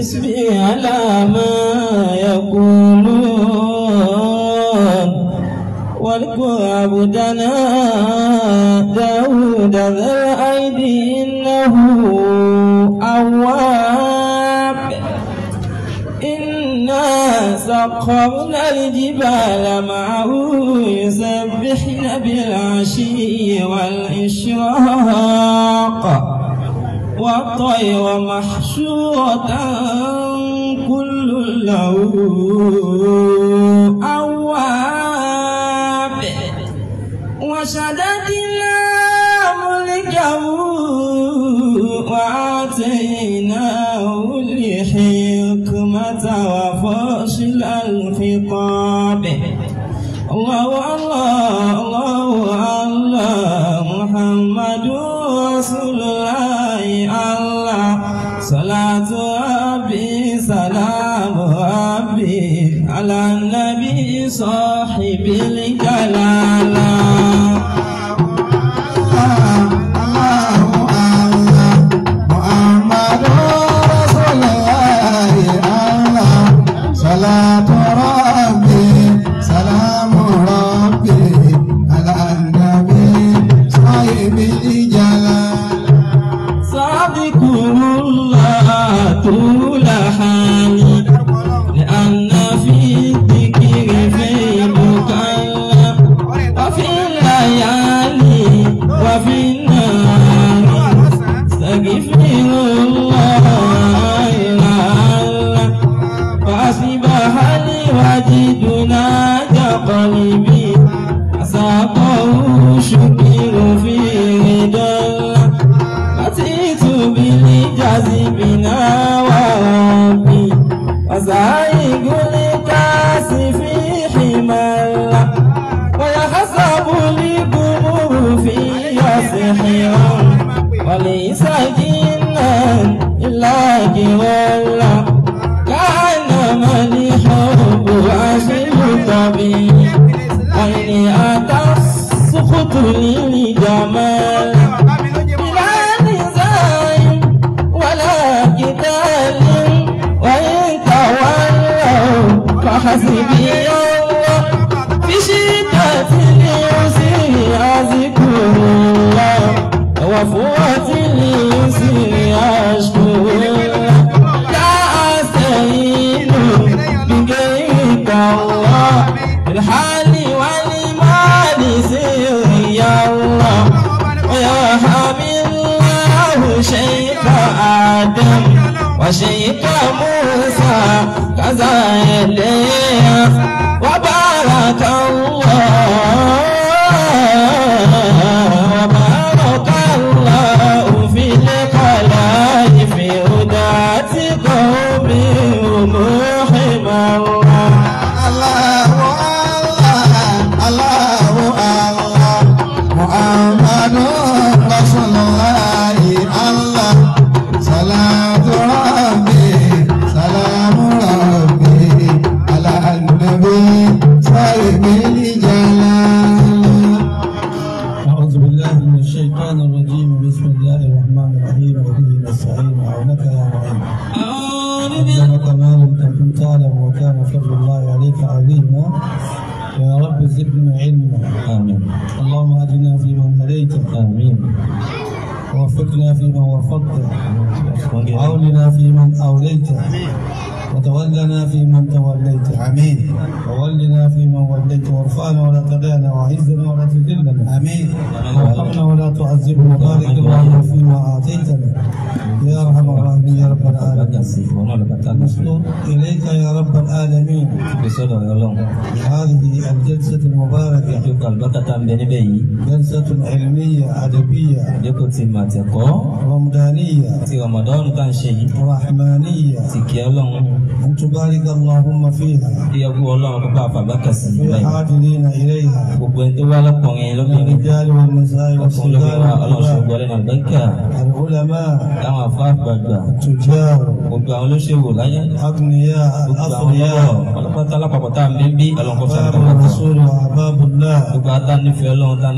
حسبي على ما يقولون واذكر عبدنا داود ذا الأيدي إنه أواب إنا سخرنا الجبال معه يسبحن بالعشي والإشراق والطير محشورة كل له أواب وشدد صاحب الإنسان शाम सां कज़ारे yọkú ọlọ́run kópa àfàbákà sí ìgbà yìí gbogbo ẹni tó wá lọ́kùnrin lóbìnrin ọkùnrin lóbìnrin wa ọlọ́run ṣùgbọ́n lẹ́nu àgbẹ̀kà táwọn afọ àgbàgbà gbogbo àwọn olóṣèlú láyé gbogbo àwọn ọlọ́wọ́ ọlọ́pàá alápapọ̀ tá a ń bí ọlọ́run kó sàkóso gbogbo ata nífẹ̀ẹ́ ọlọ́run tá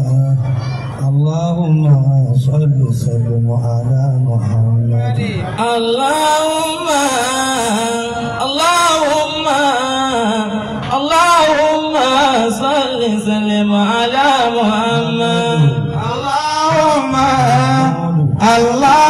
a nífẹ̀ẹ́ اللهم صل وسلم على محمد اللهم اللهم اللهم صل وسلم على محمد اللهم الله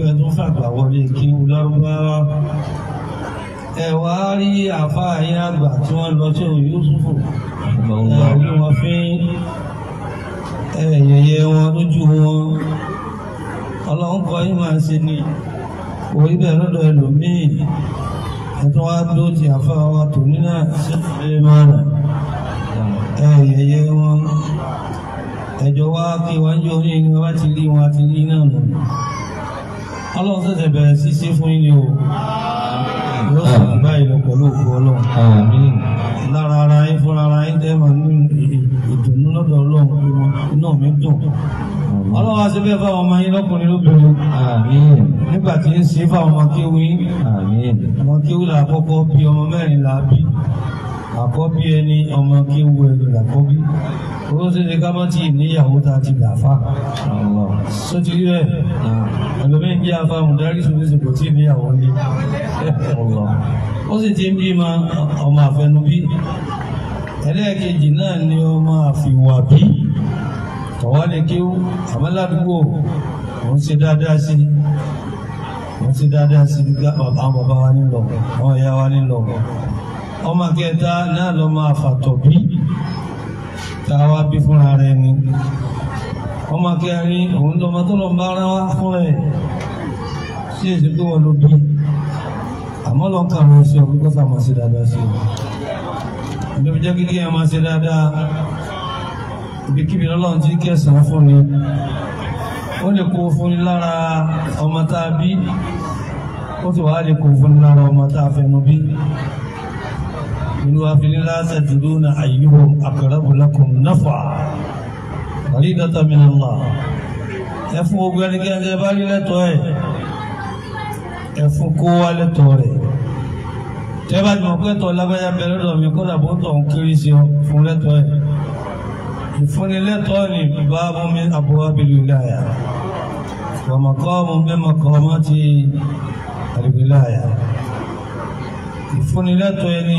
pé tó fàgbà wọlé kí n lárúbáwá ẹ wá rí àfáà yín àgbà tí wọ́n lọ sí òun Yúsúfù ẹ rí wọn fín ẹ yẹ̀yẹ́ wọn lójú wọn ọlọ́run kọ́ yín máa ṣe ni orí bẹ́ẹ̀ lọ́dọ̀ ẹlòmíì ẹ̀tọ́ wa dó ti àfa wa tòní náà ṣe máa rà ẹ̀yẹ̀yẹ wọn ẹ̀jọ̀ wa kí wọ́n jọ yín ni wọ́n ti rí wọn àti rí náà nù ọlọ́run ṣẹ̀ṣẹ̀ bẹ̀rẹ̀ sí ṣe fún yín ni o lọ́sàn-án báyìí lọ pẹ̀lú òkú ọlọ́run lára ara yín fúnra ara yín tẹ́ máa ní ìdùnnú lọ́dọ̀ ọlọ́run iná mi dùn ọlọ́run àti bẹ́ẹ̀ fáwọn ọmọ yín lọ́kùnrin lóbìnrin nígbà tí ń ṣe fáwọn ọmọ kéwì ọmọ kéwì làkọ́kọ́ bí ọmọ mẹ́rin làá àkọ́bí ẹni ọmọ kéwu ẹ̀rọ làkọ́bí owó ṣẹṣẹ ká má ti níyàwó tá a ti gbà fa so ti rí ẹ ẹlòmíín jẹ́ afáhùn dárí sùn lóṣù kò tí ì níyàwó ní ó sì ti ń bí ma ọmọ àfẹnubí ẹlẹ́ẹ̀kejì náà ni ọmọ àfiwàbí kọ̀wálẹ́kíw àmọ́ládùúgbò òun ṣe dáadáa sí i òun ṣe dáadáa sí i àwọn bàbá wa nílò àwọn ìyá wa nílò ọmọ kẹta náà lọ máa fàtọ̀ bí tá a wá bí fúnra rẹ̀ ni ọmọ kẹrin òun lọmọ tó lọ bá ara wá fún ẹ sí èsì pé wọn ló bí àmọ́ lọ kà lọ sí ọkọ kọsà máa ṣe dáadáa sí i ìjọba jẹ́ kíkí ẹ máa ṣe dáadáa ibikíbi lọ́lọ́run ti kẹsàn fún ni ó lè kó fún ni lára ọmọ tá a bí ó sì wàá lè kó fún ni lára ọmọ tá a fẹnu bí inú wa fi ní láti dúró na àyíwò àkàràbùlákùn náfà rí dọ́tà mi nà ẹ fún gbogbo ẹnikẹ́ni ẹ bá rí lẹ́tọ̀ọ́ ẹ̀ ẹ fún kó wá lẹ́tọ̀ọ́ rẹ̀ tẹ́ bá ti mọ̀ pé tọ́ lágbájá bẹ lọ́dọ̀ mi kó dàbọ̀ tọ̀ ń kiri sí ọ fún lẹ́tọ̀ọ́ ẹ̀ ìfúnnilẹ́tọ̀ọ́ ni báàbù mi àbúrò abìlú ìlàyà wàmàkọ́ọ̀mù mẹ́màkọ́ọ̀mù ti àdìgbìláyà ìfúnnilẹ́tọ̀ọ́ ẹni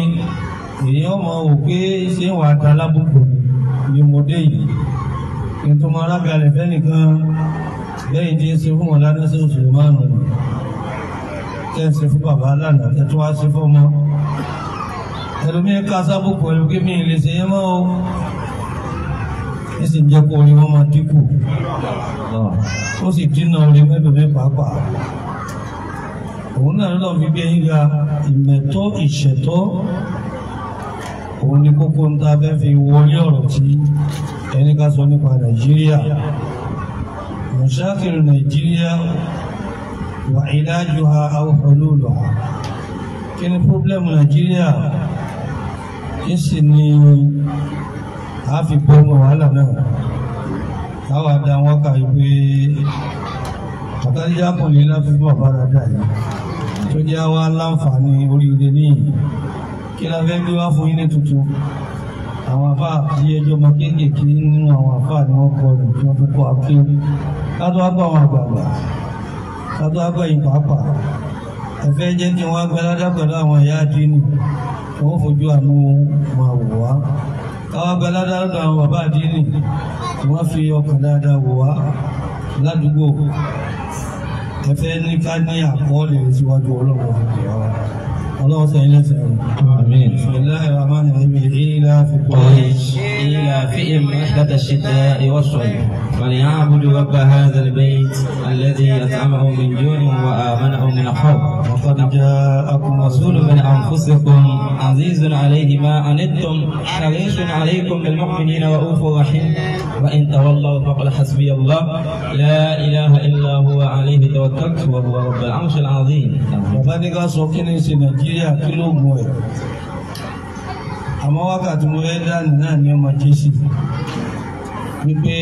èèyàn mọ wò pé ṣé wà á ta lábùkù ni mo dé yìí kí n tó máa rágalẹ̀ fẹ́nìkan lẹ́yìn tí ń ṣe fún wọn lánàá sí oṣù márùn-ún tẹ́ ń ṣe fún bàbá lánàá tẹ́ tó wá ṣe fọ́mọ ẹlòmíì ká sábùkù ẹ̀rù kí mi lè ṣe é mọ́ o sì ń jẹ́ kó orin wọn máa dínkù ó sì dínà orin mẹ́lòmíì pàápàá òun náà lọ́ọ́ fi bí ẹyin ga ìmẹ̀tọ́ ìṣẹ̀tọ́ òun ni kókó ń ta fẹ́ fi wọlé ọ̀rọ̀ tí ẹni ká sọ nípa nàìjíríà mùsákìrì nàìjíríà wà ìdájọ́ ha àwòrán olùwà kí ni pọ́blẹ́mù nàìjíríà kí sì ni a fi bọ́ wàhálà náà táwa da wọn kà yí pé àtàlíyà kùnrin náà fi bọ̀ bára dà yìí tó jẹ́ àwa láǹfààní oríire níyì kí la fẹ́ gbé wá fún yín ní tuntun àwọn afá àti ẹjọ́ ọmọ kéékèèké nínú àwọn afá ni wọ́n kọ lù kí wọ́n fi kọ́ akéwì kátó wá bá àwọn àgbààgbà kátó wá bá yín pàápàá ẹ̀fẹ́ jẹ́ kí wọ́n gbẹ́ládá pẹ̀lú àwọn ìyá àdínì kí wọ́n fojú àánú máa wò wá káwá gbẹ́ládá lọ́dọ̀ àwọn bàbá àdínì kí wọ́n fi ọkàn dáadáa wò wá ládùúgbò ẹ̀fẹ́ ní ká ní àkọọ́lẹ̀ síwájú ọlọ́run àgbẹ̀ wa. اللهم صل على امين بسم الله الرحمن الرحيم الى في قريش الى في رحله الشتاء والصيف فليعبدوا رب هذا البيت الذي اطعمهم من جوع وامنه من خوف وقد جاءكم رسول من انفسكم عزيز عليه ما عنتم حريص عليكم بالمؤمنين رؤوف رحيم وان تولوا فقل حسبي الله لا اله الا هو عليه توكلت وهو رب العرش العظيم وبلغ سكن سنجي nàìjíríà kí ló wù ẹ àmọ́ wákàtí mo fẹ́ dání náà ní ọmọ jésì wípé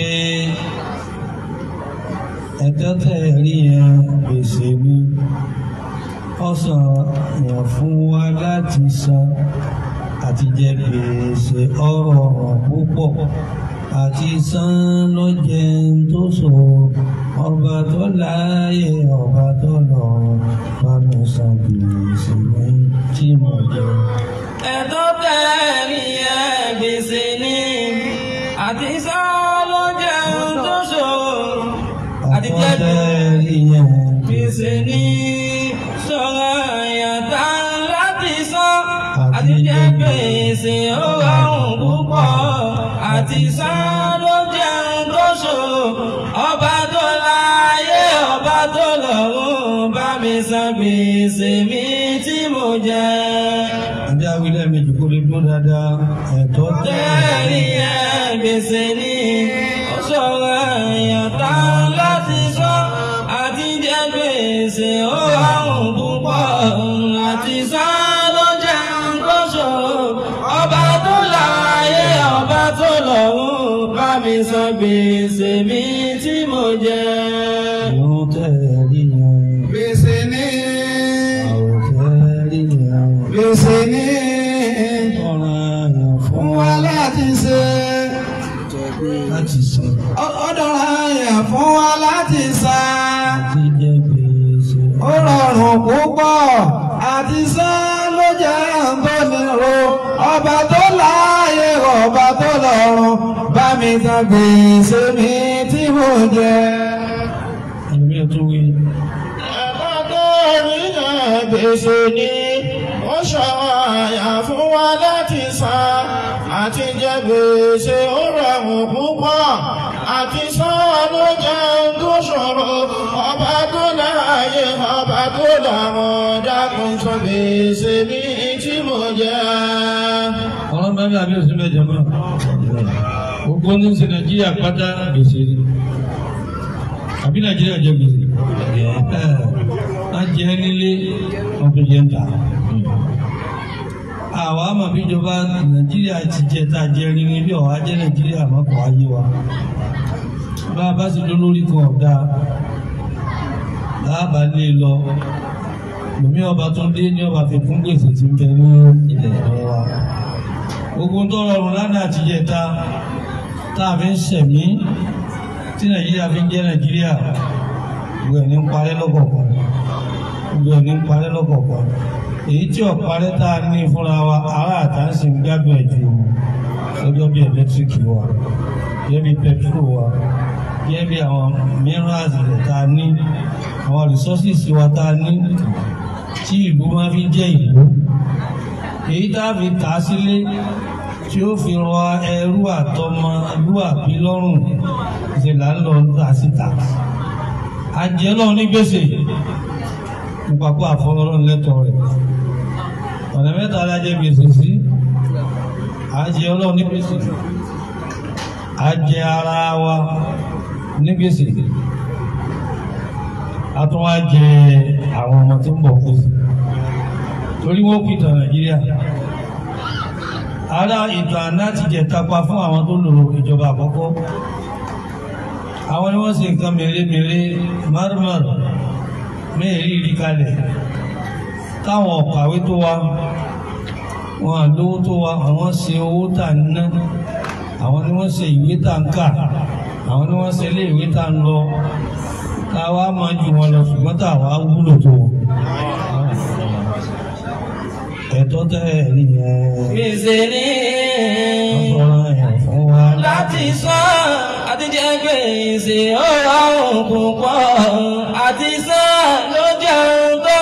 ẹjọ́ tẹ rí yẹn gbèsè mi ọsàn yẹn fún wa láti san àti jẹ gbèsè ọ̀rọ̀ púpọ̀ àti san lọ́jẹ́ tó sọ ọba tó láàyè ọba tó lọ bá san gbèsè ní tí mo jẹ. ẹ̀tọ́ tẹ̀lé ẹ̀ gbèsè ní àti san lọ́jẹ́ tó sọ àti tẹ̀lé ẹ̀ gbèsè ní sọ̀rọ̀ ẹ̀yà láti san àti jẹ́ gbèsè ó wà. gbèsè mi tí mo jẹ. Àbí awilẹ̀ mi jù kó lè dúró dáadáa. Ẹ̀tọ́ tẹ̀. Bẹ́ẹ̀ni gbèsè ni ó ṣòro èèyàn tán láti sọ. Àti jẹ gbèsè ó àrùn púpọ̀ àti sọ ló jẹ́ nǹkan ṣòro. Ọba tó láàyè ọba tó lọ́rùn bá mi san gbèsè mi tí mo jẹ. fún wa láti san ó rọrùn púpọ̀ àti san ló jẹ́ àǹtọ́niro ọba tó láàyè ọba tó lọ́rùn bá mi tan gbèsè mi tí mo jẹ. ẹ̀mí tó rí náà ni ó ṣàwáyà fún wa láti san àti jẹ gbèsè ó rọrùn púpọ̀ àti sọ́ọ̀nù jẹun tó ṣòro ọba tó láàyè ọba tó dàmọ́ dákun tó bèèṣe ní tí mo jẹ́. ọ̀rọ̀ mẹ́rin àbí oṣù mẹ́jọ náà gbogbo ní ṣe nàìjíríà pátá gbèsè ni àbí nàìjíríà jẹ gbèsè. a jẹ nílé ọ̀tún jẹ ta mọ̀ bí ìjọba nàìjíríà ti jẹ tá a jẹ rí ni bí ọ̀hún ajẹ́ nàìjíríà má kọ́ ayé wa bá a bá sì lọ lórí kan ọ̀gá láàbà lé e lọ lómi ọba tó dé ní ọba fi fún gbèsè tí ń bẹ ní ilẹ̀ ìjọba wa ogun tó rọrùn lánàá ti jẹ ta tá a fi ń sẹ̀mí tí nàìjíríà fi ń jẹ́ nàìjíríà gbogbo ẹ̀ ní ń parẹ́ lọ́kọ̀ọ̀kan gbogbo ẹ̀ ní ń parẹ́ lọ́kọ̀ọ̀kan èyí tí ọ̀parẹ́ tá a ní fúnra wa ará àtàǹsì ń gbádùn ẹ̀jú lọ́jọ́ bí ẹ̀lẹ́tíríkì wa gẹ́gẹ́ bí pẹtrol wa gẹ́gẹ́ bí àwọn minerals rẹ̀ tá a ní àwọn resources wa tá a ní tí ìlú máa fi jẹ́ ìlú èyí tá a fi tà á sílé tí ó fi rọ ẹrú àtọmọ lúàbí lọ́rùn ṣe là ń lọ níta síta àjẹ́ náà ní gbèsè ìpapò àfọlọ́rọ́ lẹ́tọ̀ọ́ rẹ̀ ọ̀nà mẹ́ta la jẹ gbèsè sí a jẹ ọlọ́run ní gbèsè a ara wa ní gbèsè a tún wá jẹ àwọn ọmọ tó ń bọ̀ kú sí torí wọ́n kú ìtàn nàìjíríà ara ìtàn àná ti jẹ tapa fún àwọn tó lò ìjọba àkọ́kọ́ àwọn ni wọ́n ṣe nǹkan mèremère márùmárù mẹ́rin ìrí káwọn ọ̀kàwé tó wa wọn àlówó tó wa àwọn ṣe owó tà ń ná àwọn ni wọ́n ṣe ìwé tà ń kà àwọn ni wọ́n ṣe ilé ìwé tà ń lọ ká wá máa ju wọn lọ ṣùgbọ́n tá àwa wúlò tó wọn. ẹ̀tọ́ tẹ́ ẹ̀ rí gbèsè ní. láti sàn àti gbèsè ó ra òkùnkùn àti sàn ló jẹun tó.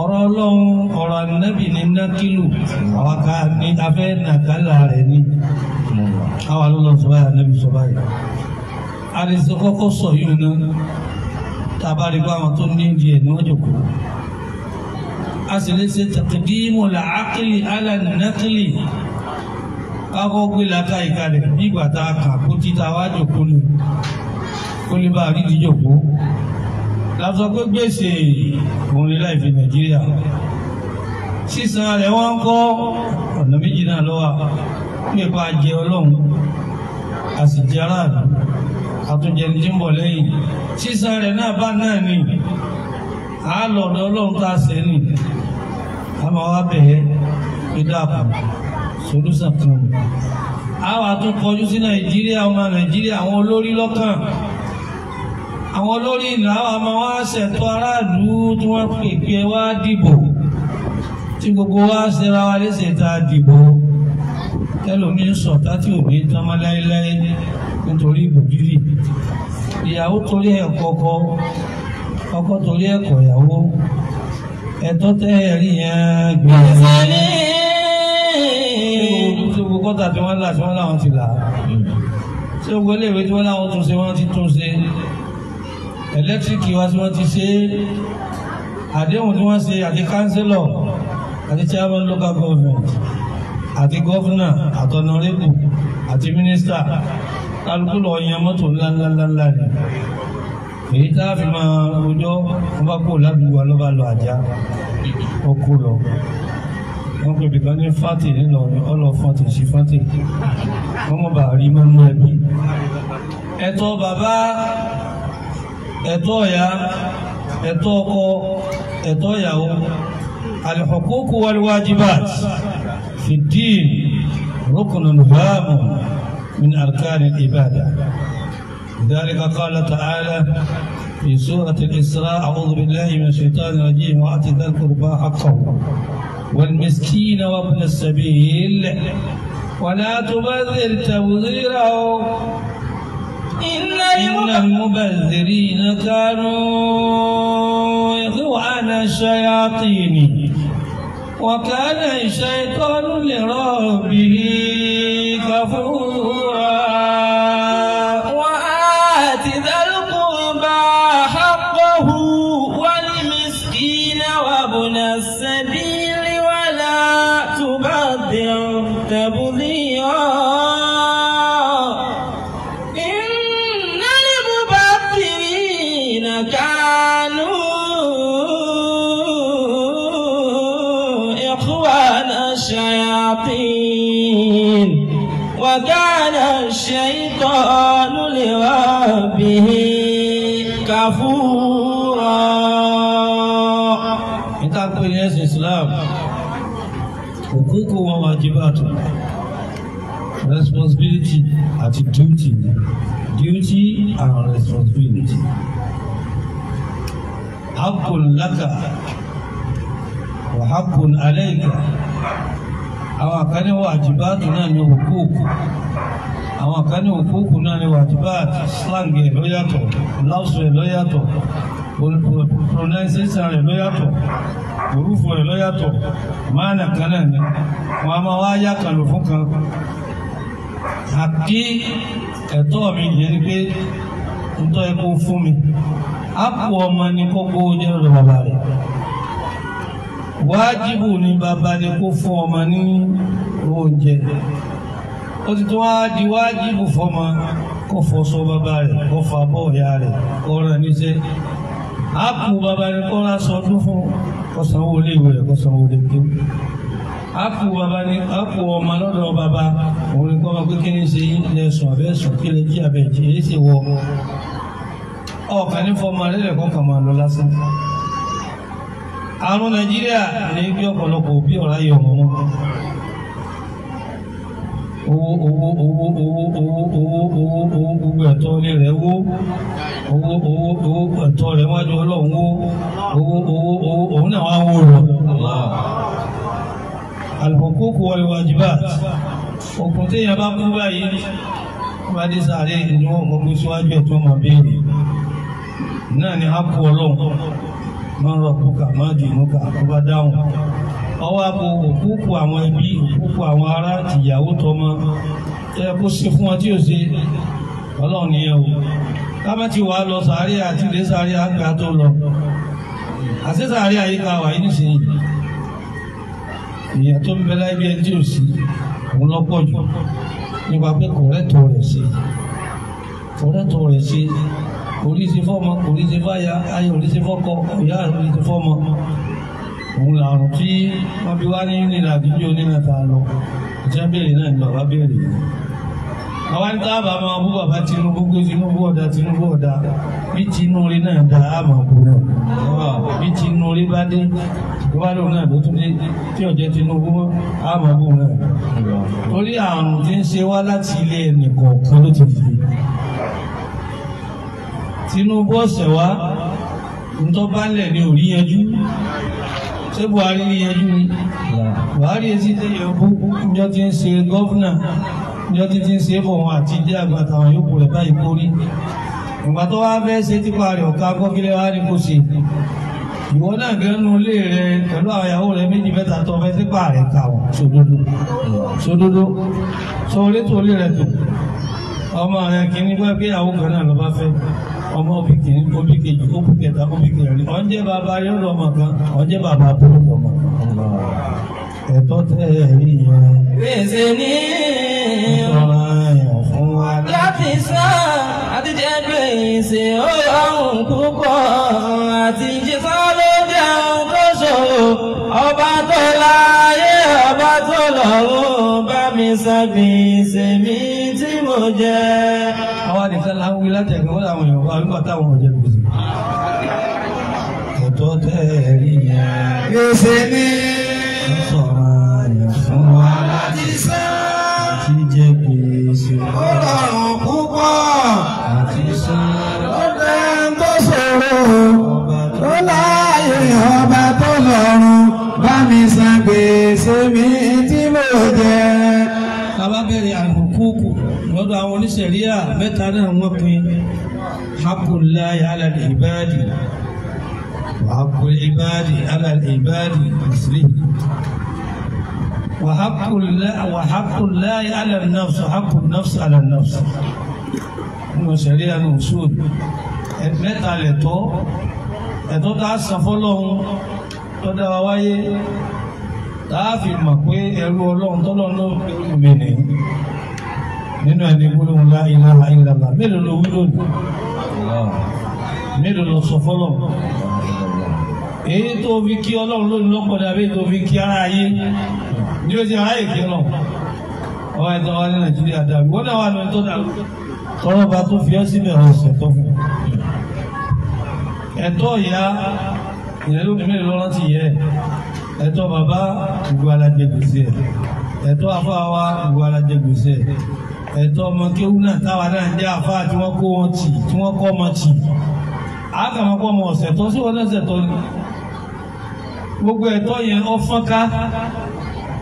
ọ̀rọ̀ ọlọ́run ọ̀rọ̀ ànábì ní nákìlù àwọn ká ní afẹ́ nàkálà rẹ̀ ní àwọn alọ́lọ́ sọ báyìí ànábì sọ báyìí àrìsí kọ́kọ́ sọ yìí ná tábàrí bá àwọn tó ní ìdí ẹ̀ wọ́n jòkó a sì lè ṣe taqdimu al-aqli ala an-naqli káwọ́ gbé lata ìkalẹ̀ nígbà tá a kà kó títa wá jòkó ni kó lè bá a rí ìdíjòkó la sọ pé gbèsè òun lè láì fi nàìjíríà sísan rẹ̀ wọ́n ń kọ́ ọ̀nà méjì náà lọ́wọ́ nípa jẹ ọlọ́run a sì jẹ aráàlú àtúnjẹ ní lẹ́yìn sísan rẹ̀ náà bá náà ni a lọ̀dọ̀ ọlọ́run tá a sẹ́ nì a máa wá bẹ̀ẹ́ pé dáàbò solúsàn kan a wà tún kọjú sí nàìjíríà ọmọ nàìjíríà àwọn olórí lọ́kàn àwọn olórí ìlàwọ̀ ọmọ wa ṣẹ̀tọ́ aráàlú tí wọ́n pè pé wá dìbò tí gbogbo wa ṣera wa léṣe ta dìbò tẹlomi sọ̀tá tí òbí tán mọ́ láéláé nítorí ìbòjúlì ìyàwó torí ẹ̀kọ́ ọkọ ọkọ torí ẹ̀kọ́ ìyàwó ẹ̀tọ́ tẹ́ ẹ̀rí yẹn gbìyànjú gbogbo kọ́tà tí wọ́n là tí wọ́n láwọn ti là ṣé gbogbo iléèwé tí wọ́n láwọn tún ṣe wọ́n ti tún ṣe ẹlẹ́tíríkì wa tí wọ́n ti ṣe àdéhùn tí wọ́n ṣe àti kánsílọ̀ àti chairman local government àti gọ́fúnà àtọ̀nàrẹ́bù àti mínísítà kálukú lọ yan mọ́tò ńláńláńlá ni èyí tá a fi máa rojọ́ wọ́n bá kó ládùúgbò alọ́ba lọ àjá ó kó lọ wọ́n pè bìkan ní fati ńlọrin ọlọ fati sí fati wọ́n mọ̀ bá rí mọ́nú ẹbí ẹ̀tọ́ bàbá ẹ̀tọ́ ìyá ẹ̀tọ́ الحقوق والواجبات في الدين wal wajibat fi اركان العباده hamun min arkani al لذلك قال تعالى في سورة الإسراء أعوذ بالله من الشيطان الرجيم وآت ذا القربى حقه والمسكين وابن السبيل ولا تبذر تبذيره إن المبذرين كانوا إخوان الشياطين وكان الشيطان لربه كفورا kó wọn wá jí bá tó responsibility àti duty duty and responsibility hakun laka wa hakun alayka àwọn àkànní wàjibáàtù náà ní hukúùkù àwọn àkànní hukúùkù náà ní wàjibáàtù slang ẹ̀ lọ́yàtọ̀ láwùsù ẹ̀ lọ́yàtọ̀ pronunciation rẹ̀ lọ́yàtọ̀ orúfọ̀ ẹ̀ lọ́yàtọ̀ mọ́nà kan náà ni wọ́n máa wá yàkàlò fún kan àbí ẹ̀tọ́ mi yẹ ni pé ntọ́ ẹ kó fún mi àpò ọmọ ni kókó jẹ́ ọ̀dọ̀ bàbá rẹ̀ ni bàbá ni kó fún ọmọ ní oúnjẹ ó ti tó wá di wájibù fọmọ kó fọṣọ bàbá rẹ̀ kó fọ abọ́ ìyá rẹ̀ kó rẹ̀ níṣẹ́ àpò bàbá ni kó rà sọdún fún un kọsanwó ilé ìwé rẹ̀ kọsanwó ilé kéwù àpò bàbá ni àpò ọmọ lọ́dọ̀ bàbá òun ni kọ́mọ pé kí ni ṣe ilẹ̀ sùn abẹ́ sùn kí lè jí abẹ́ jí èyí ṣe wọ ọkàn ní fọmọ alẹ́lẹ̀ kan kàn máa lọ lásán. àrùn nàìjíríà ní bí ọ̀pọ̀lọpọ̀ òbí ọ̀rá yọ̀ ọmọ wọn owó owó owó owó owó owó owó owó gbogbo ẹ̀tọ́ ilé rẹ̀ wó owó owó owó ẹ̀tọ́ rẹ̀ wájú ọlọ́run wó owó owó owó òun náà wá wó lọ. al-huquq wal-wajibat òkun téèyàn bá kú báyìí wọ́n dé sáré ni wọ́n mọ̀ pé síwájú ẹ̀ tó máa béèrè náà ni a kú ọlọ́run máa ń rọ̀ kúkà máa dì í mú ká kó bá dáhùn ọwọ́ abo òkúkú àwọn ẹbí òkúkú àwọn ará tìyàwó tọmọ ẹ kó ṣe fún wọn tí ò ṣe ọlọ́run nìyẹn o kámẹ́ ti wàá lọ sàárè àti ilé sàárè àgbà tó lọ àti sàárè àyíká wà yìí nìsín ìyẹn tó ń bẹ láì bí ẹni tí ò sí òun lọ pọ̀ jù nípa pé kọ̀rẹ́tọ̀ rẹ̀ sí kọ̀rẹ́tọ̀ rẹ̀ sí oríṣi fọ́mọ oríṣi fáyà ayé oríṣi fọ́kọ ọ̀yá oríṣi fọ́mọ òun làrùn tí wọ́n fi wá ní nílà àdúgbò nínú lọ ìjẹ́ béèrè náà ni bàbá béèrè àwa ń dábà máa bú bàbá Tinubu pé Tinubu ọ̀dà Tinubu ọ̀dà bí Tinubu náà da àmọ̀ kù náà bí Tinubu bá dé ìwádìí òun náà ló tún dé tí ọ̀jẹ̀ Tinubu àmọ̀ kù náà torí àrùn tí ń ṣe wá láti ilé ẹnìkọ̀ọ̀kan ló ti fi Tinubu ọ̀sẹ̀ wá ń tọ́ bá lẹ̀ ní òrí yanjú ṣé Buhari rí yanjú ni Buhari yẹn sì tẹ̀yẹ̀ búkú njọ́ ti ń ṣe gọ́vnà njọ́ ti ti ń ṣe bọ̀ wọn àti ilé àgbà táwọn yòókù rẹ̀ báyìí kórí ìgbà tó wá fẹ́ ṣe tipa rẹ̀ ọ̀ka kọ́kílẹ̀ wá ní kò ṣe ìwọ náà gẹnu ilé rẹ pẹ̀lú àwọn ìyàwó rẹ méjì mẹ́ta tó fẹ́ tipa rẹ̀ kà wọ́n sódodo sódodo sọ orí tó lé rẹ tó ọmọ rẹ kì í ní gbọ́ pé ìyàwó náà ló bá fẹ́ ọmọ obìkìní obìkejì obìkẹta obìkẹrin ọ̀njẹ́ bàbá ayọ́rọ̀ ọmọ kan ọ̀njẹ́ bàbá abúlé ọmọ kan. ẹ̀tọ́ tẹ́ ẹ rí yẹn. gbèsè ní ọ̀ràn fún wa. láti sàn àti jẹ́ gbèsè ó yọrùn púpọ̀ àti ìjẹsà ló jẹun tó ṣòro ọba tó láyé ọba tó lọ́rùn mi sábì sèmi tí mo jẹ. àwọn àdìsẹ́ la ń wí látẹ̀kọ́ wọ́n làwọn èèyàn wà nígbà táwọn ọ̀jẹ̀ gbèsè. ọ̀tọ̀ tẹ́ ẹ rí yẹn. gbèsè ni. sọ̀rọ̀ àyà fún wa láti sá. àti jẹ gbèsè. ó rọrùn púpọ̀. àti sá. ó dẹ́ tó sọ̀rọ̀. ó láàyè ọba tó lọ́rùn bá mi san gbèsè mi tí mo jẹ. ṣẹ̀ríà mẹ́ta náà wọ́n pín haqullahi ala al-ibadi wa haqqul ibadi ala al-ibadi ìsìlẹ̀ wa haqqullahi ala an-nafs haqqun nafs ala an-nafs wọ́n ṣẹ̀ríà náà sóòlù mẹ́ta lẹ̀tọ́ ẹ̀tọ́ tá a san fọ́lọ́hún tó dára wáyé tá a fi mọ̀ pé ẹrú ọlọ́run tọ́lọ́run ló ń pè é nínú ẹni gbólóhùn lá ilaha illallah mélòó ló wí lónìí mélòó ló sọ fọlọ èyí tó fi kí ọlọ́run lónìí lọ́pọ̀dà bí tó fi kí ara ayé ní o ti ráyè kí lọ ọwọ́ ẹ̀dá wa ní nàìjíríà dàbí wọ́n náà wà lóyún tó dàrú tọ́lọ́ bá tó fi ọ́ síbẹ̀ ọ̀sẹ̀ tó fún ẹ̀tọ́ ìyá ìrẹ́lómi mélòó lọ́rọ́ ti yẹ ẹ̀tọ́ bàbá gbogbo alájẹ gbèsè ẹ̀tọ́ afọ àwa gbogbo alájẹ gbèsè ẹ̀tọ́ ọmọ kéwú náà táwa náà jẹ́ àfáà tí wọ́n kó wọn tì tí wọ́n kọ́ ọmọ tì àkàmọ́kọ́ ọmọ ọ̀sẹ̀ tó sí wọn lọ́sẹ̀ tó ní gbogbo ẹ̀tọ́ yẹn ọ̀fọ́n ká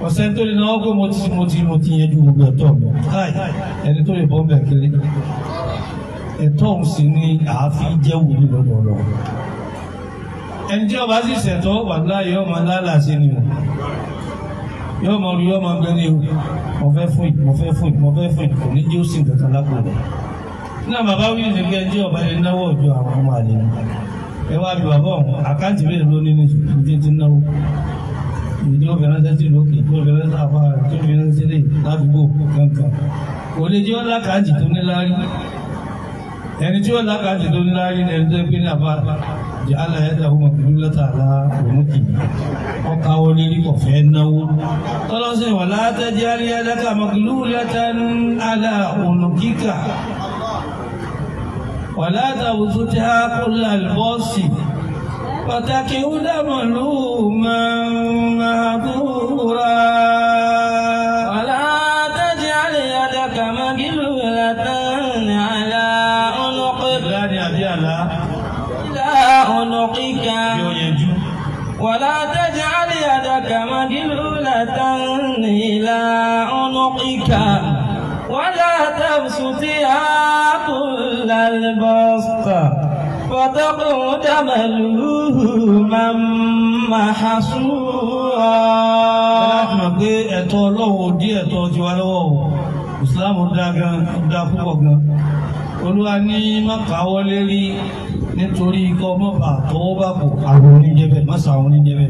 ọ̀sẹ̀ tó lè náwó pé mo ti mo ti mo ti yẹn ju gbogbo ẹ̀tọ́ mi káì ẹni tó lè bọ́ bẹ̀ kiri ẹ̀tọ́ òun sì ni àáfin jẹ́ wùdí lọ́dọọdọ ẹni tí ọba sì ṣẹ̀tọ́ wà láàyè ọmọ lálàá sí ni o yóò mọ rí ọmọ gbẹ ní o mo fẹ́ fún yìí mo fẹ́ fún yìí mo fẹ́ fún yìí kò ní jẹ́ òsì nǹkan kan lápò rẹ̀ nínú bàbá wíyà ṣe gbé ẹjẹ́ ọba lè náwó ọjọ́ àwọn ọmọ àlè ni ẹ wá bí bàbá ọ̀hún àkáǹtì mélòó ló ní ní ìdí ti náwó ìdí ó fẹ́ràn sẹ́sì lókè tó fẹ́ràn sáfà tó fẹ́ràn sílẹ̀ ládùúgbò kankan kò jẹ́ ọ́ lákàájì tó ní láárí ẹni tí ó lákàtì tó láyé ẹni tó gbé nàbà jẹ́ aláyẹ̀dá ọmọ ìlú látàlá òmùkì ọkàwọ́ lérí kọ̀fẹ́ náwó tọ́lọ́sìn wà látẹ́jẹ́ aláyẹ̀dáka mọ̀kìlú látàlú àlà òmùkíkà wà látàwùsù tí a kó lálbọ́ọ̀sì pàtàkì ó dàmọ̀ lóò máa ń máa búra. ولا تجعل يدك مجلولة إلى عنقك ولا يا كل البسط فتقعد ملوما محصورا. Ṣé pé ẹ̀tọ́ ọlọ́wọ́ dí ẹ̀tọ́ o? Ìsìláàmù dá gan, dá púpọ̀ gan. Olúwa ní mọ̀káwọ́ lérí nítorí kọ́ mọ́ba tọwọ́ bá kò àwọn oníjẹ́bẹ̀ má sa àwọn oníjẹ́bẹ̀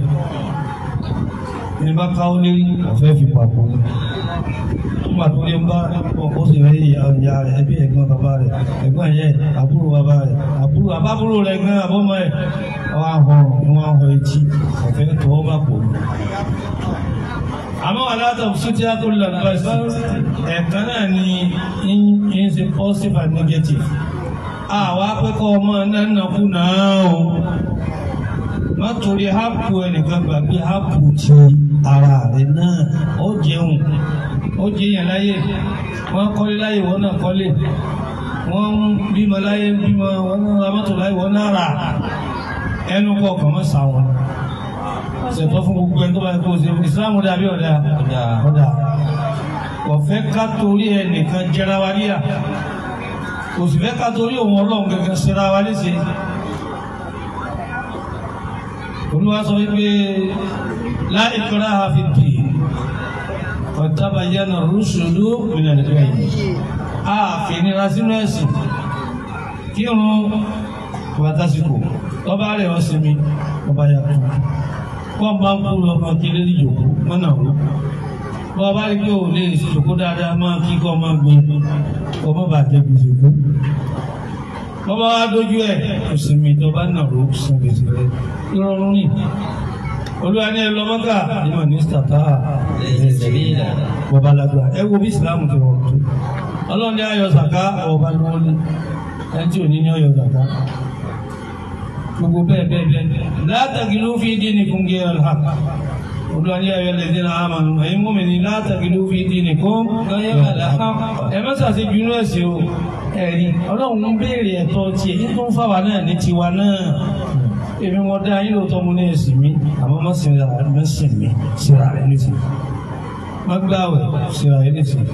ní bá káwọ́ lé ọ̀fẹ́ fi pàpọ̀ nígbà tó lé ń bá ọkọ̀ sì rẹ̀ ìyá rẹ̀ ẹbí ẹ̀gbọ́n bàbá rẹ̀ ẹ̀gbọ́n yẹ àbúrò bàbá rẹ̀ àbúrò àbábúrò rẹ̀ gan àbọ́mọ ẹ̀ wọ́n á hàn wọ́n á etí ọ̀fẹ́ tọwọ́ bá kò àmọ́ aláàtọ̀ sótí á tó lọ nípa ẹ̀sán ẹ̀kan náà ni ń positive and negative. àwa pẹ́kọ́ ọmọ nánàkú náà o má torí hápù ẹnìkan gbàgbé ara rẹ náà ó jẹun ó jẹyàn láyè wọn won láyè wọn náà kọ́lé wọn bímọ láyè bímọ wọn náà ma láyè wọn náà rà ẹnu kọ̀ọ̀kan mọ́ sàwọn ṣètò fún gbogbo ẹni tó bá tó ṣe ìsìláàmù dàbí ọ̀dà ọ̀dà ọ̀fẹ́ ká torí ẹnìkan kò sì fẹ́ ká torí òun ọlọ́run gẹ́gẹ́ síra wa léṣe olúwa sọ wípé la ikraha fi ddin qad tabayyana ar-rushdu minal ghayy a fìnira sínú ẹ̀sìn kírun pàtàsìkò ọba rẹ̀ ọ̀sìn mi ọba yàtọ̀ kọ́ ọba ń kú lọ́kàn kí lè rí yòókù mọ́nà òun bọ́ bá rí pé o lè ṣòkó dáadáa máa kíkọ́ máa gbin ọmọ bàjẹ́ bí ṣòkó bọ́bá wá dójú ẹ̀ kò sì mí tó bá nàró sùn gbèsè rẹ̀ ìrọ̀rùn ni olúwa ní ẹlọ mọ́kà ìmọ̀ ní sàtà bọ́bá lágbà ẹ wo bí ìsìlámù ti wọ̀ tó ọlọ́run ní ayọ̀ sàká ọba lọ́wọ́ ní ẹni tí ò ní ní ọyọ̀ sàká gbogbo bẹ́ẹ̀ bẹ́ẹ̀ bẹ́ẹ̀ látàkì ló fi dín ní fúngẹ́ ọ̀la olúwa ní ayọ̀ lè dín náà àmàlù ẹ̀yin mọ́mìnì látàkì ló fi dín nìkan lọ́yẹ̀ àlá ẹ má ṣàṣe jù náà sí o ẹ̀rí ọlọ́run ń béèrè ẹ̀tọ́ tiẹ̀ ní tó ń fáwa náà ní tiwa náà èmi wọn dá yín lóòótọ́ mo ní ẹ̀sìn mi àmọ́ má sin ra mẹ́sìn mi síra rẹ̀ nísìn má gbáwẹ̀ síra rẹ̀ nísìn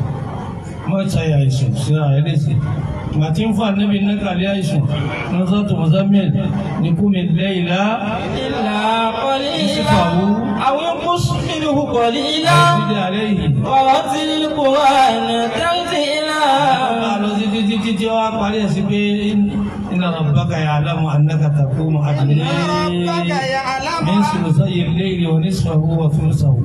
má ṣàyà àìsùn síra rẹ̀ lẹ́sẹ̀ màtí ń fà níbi nákàlẹ́ àìsùn ní sọ́tò mozambique ní kúmi lẹ́yìnlá. ìlà kọ́lí ìlà àwọn ikú mímu kú kọ́lí ìlà ọ̀rọ̀ ti kó àná tẹ́ǹtì ìlà. àwọn àlọ́ títí títí tí wọ́n á parí إن ربك يعلم أنك تقوم أدنى من ثلثي الليل ونصفه وثلثه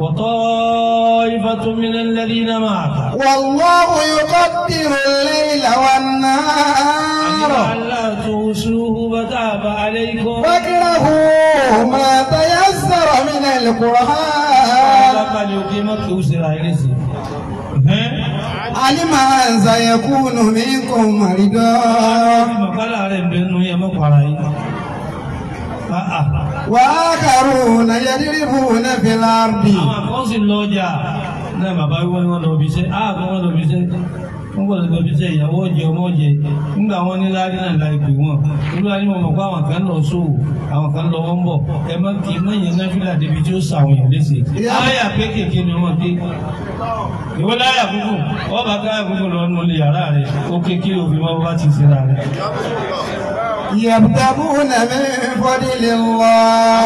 وطائفة من الذين معك والله يقدر الليل والنهار ألا توسوه وتاب عليكم واكرهوا ما تيسر من القرآن لقد يقيمت أسرائيل alima sayakunu minkum marida. mọ̀kálà rẹ̀ ń bẹ nínú yẹn mọ́ para yín. وآخرون يضربون في الأرض. àwọn àkọsí lọ́jà náà bàbá wíwọ́n ni wọ́n lọ bí iṣẹ́ àwọn wọ́n lọ bí iṣẹ́ nígbà tó tọ́jú sẹ́ ìyàwó ọ̀jẹ̀ ọmọ ọ̀jẹ̀ nígbà wọn ní láàrin náà la ìpè wọn olúwa ni mo mọ̀ pé àwọn kan lọ sóò àwọn kan lọ wọ́n bọ̀ ẹ má kì í má yẹn náfìlà débi tí ó sàwọn yẹn léṣe. láyà pé kéèké ni wọ́n ké ìwọ láyà kúkú ọba káyà kúkú lọ́nu lè yàrá rẹ̀ ó kéèké òbí wọn bá ti ṣe rà yẹ̀bùtàbùnà mi fọ́dílẹ̀ wá.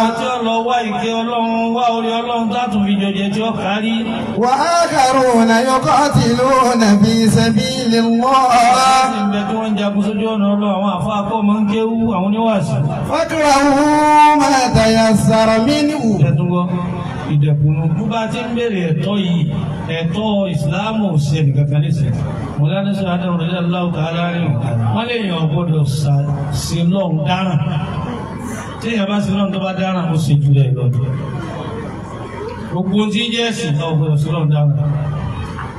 àwọn tí ó lọ wá ìkẹ́ ọlọ́run wá orí ọlọ́run látún fi jọjẹ tí ó kárí. wà á kàrò nà yọkọ́ ti ló nà fi ṣẹ́bí lè wọ́. láti ìgbẹ́ tí wọ́n ń jagun sójú ọ̀nà ọlọ́ àwọn àfa akọ́ máa ń kéwú àwọn oníwàásù. fọ́kìrà wù máa tàyà sàrọ̀ mí níwù. ẹ̀dùn gan ìdẹ̀kùnú bí bá ti ń béèrè ẹ̀tọ́ yìí ẹ̀tọ́ ìsìláàmù sí ẹnì kankan nísìn mọ̀lánà sọ adé ọ̀rọ̀ ilé aláwọ̀ tààlà rìn wọ́n lè yàn gbọ́dọ̀ sí lọ́hùn dáràn tí èèyàn bá sí lọ́hùn tó bá dáràn ó sì jù lẹ̀ lọ gbogbo tí jẹ́ ẹ̀sìn náà gbọ́dọ̀ sí lọ́hùn dáràn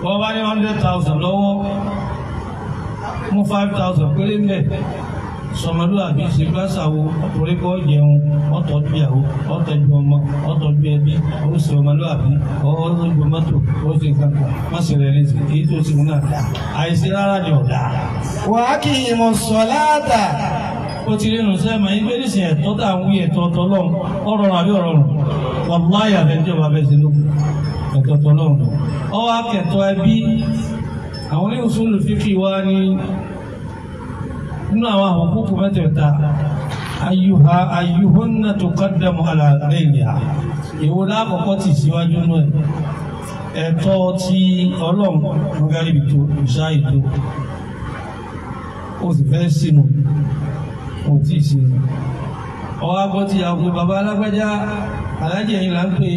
wọ́n bá ní hundred thousand lọ́wọ́ mú five thousand péré ń bẹ̀ sọmọlúwàbí ṣe bá ṣàwo torí kọ́ jẹun ọ̀tọ̀jú ìyàwó ọ̀tọ̀jú ọmọ ọ̀tọ̀jú ẹbí ó ṣe ọmọlúwàbí ọ̀ọ́dọ̀jú mọ́tò ó ṣe kankan má ṣe rẹ̀ léṣe èyí tó ṣe múnà dá àìsí rárá ni ọ̀dà. wà á kì í mọ̀ sọ láàtà. ó ti rí nùsẹ́ mà ìgbé nísìn ẹ̀tọ́ tá à ń wí ẹ̀tọ́ tọ́lọ́run ọ̀rọ̀ àbí ọ̀rọ̀ rùn wàláyà àbẹ̀jọba bẹ́ẹ̀ sí lókun ẹ̀tọ́ tọ́lọ́run ọwọ́ akẹ́tọ́ ẹbí àwọn oníwòsàn olùfífi wa ni nínú àwọn àwọn kókó mẹ́tẹ̀ẹ̀ta ayuha ayuhunna tuqaddamu ala ghayriha èwo lákòókò ti síwájú náà ẹ̀tọ́ tí ọlọ́run lọ́gárí ibi tó ìṣá ìtó ó sì fẹ́ sínú kò tí ì sínú ọwọ́ abọ́ ti yàgò pé bàbá alágbájá alájẹ yìí là ń pè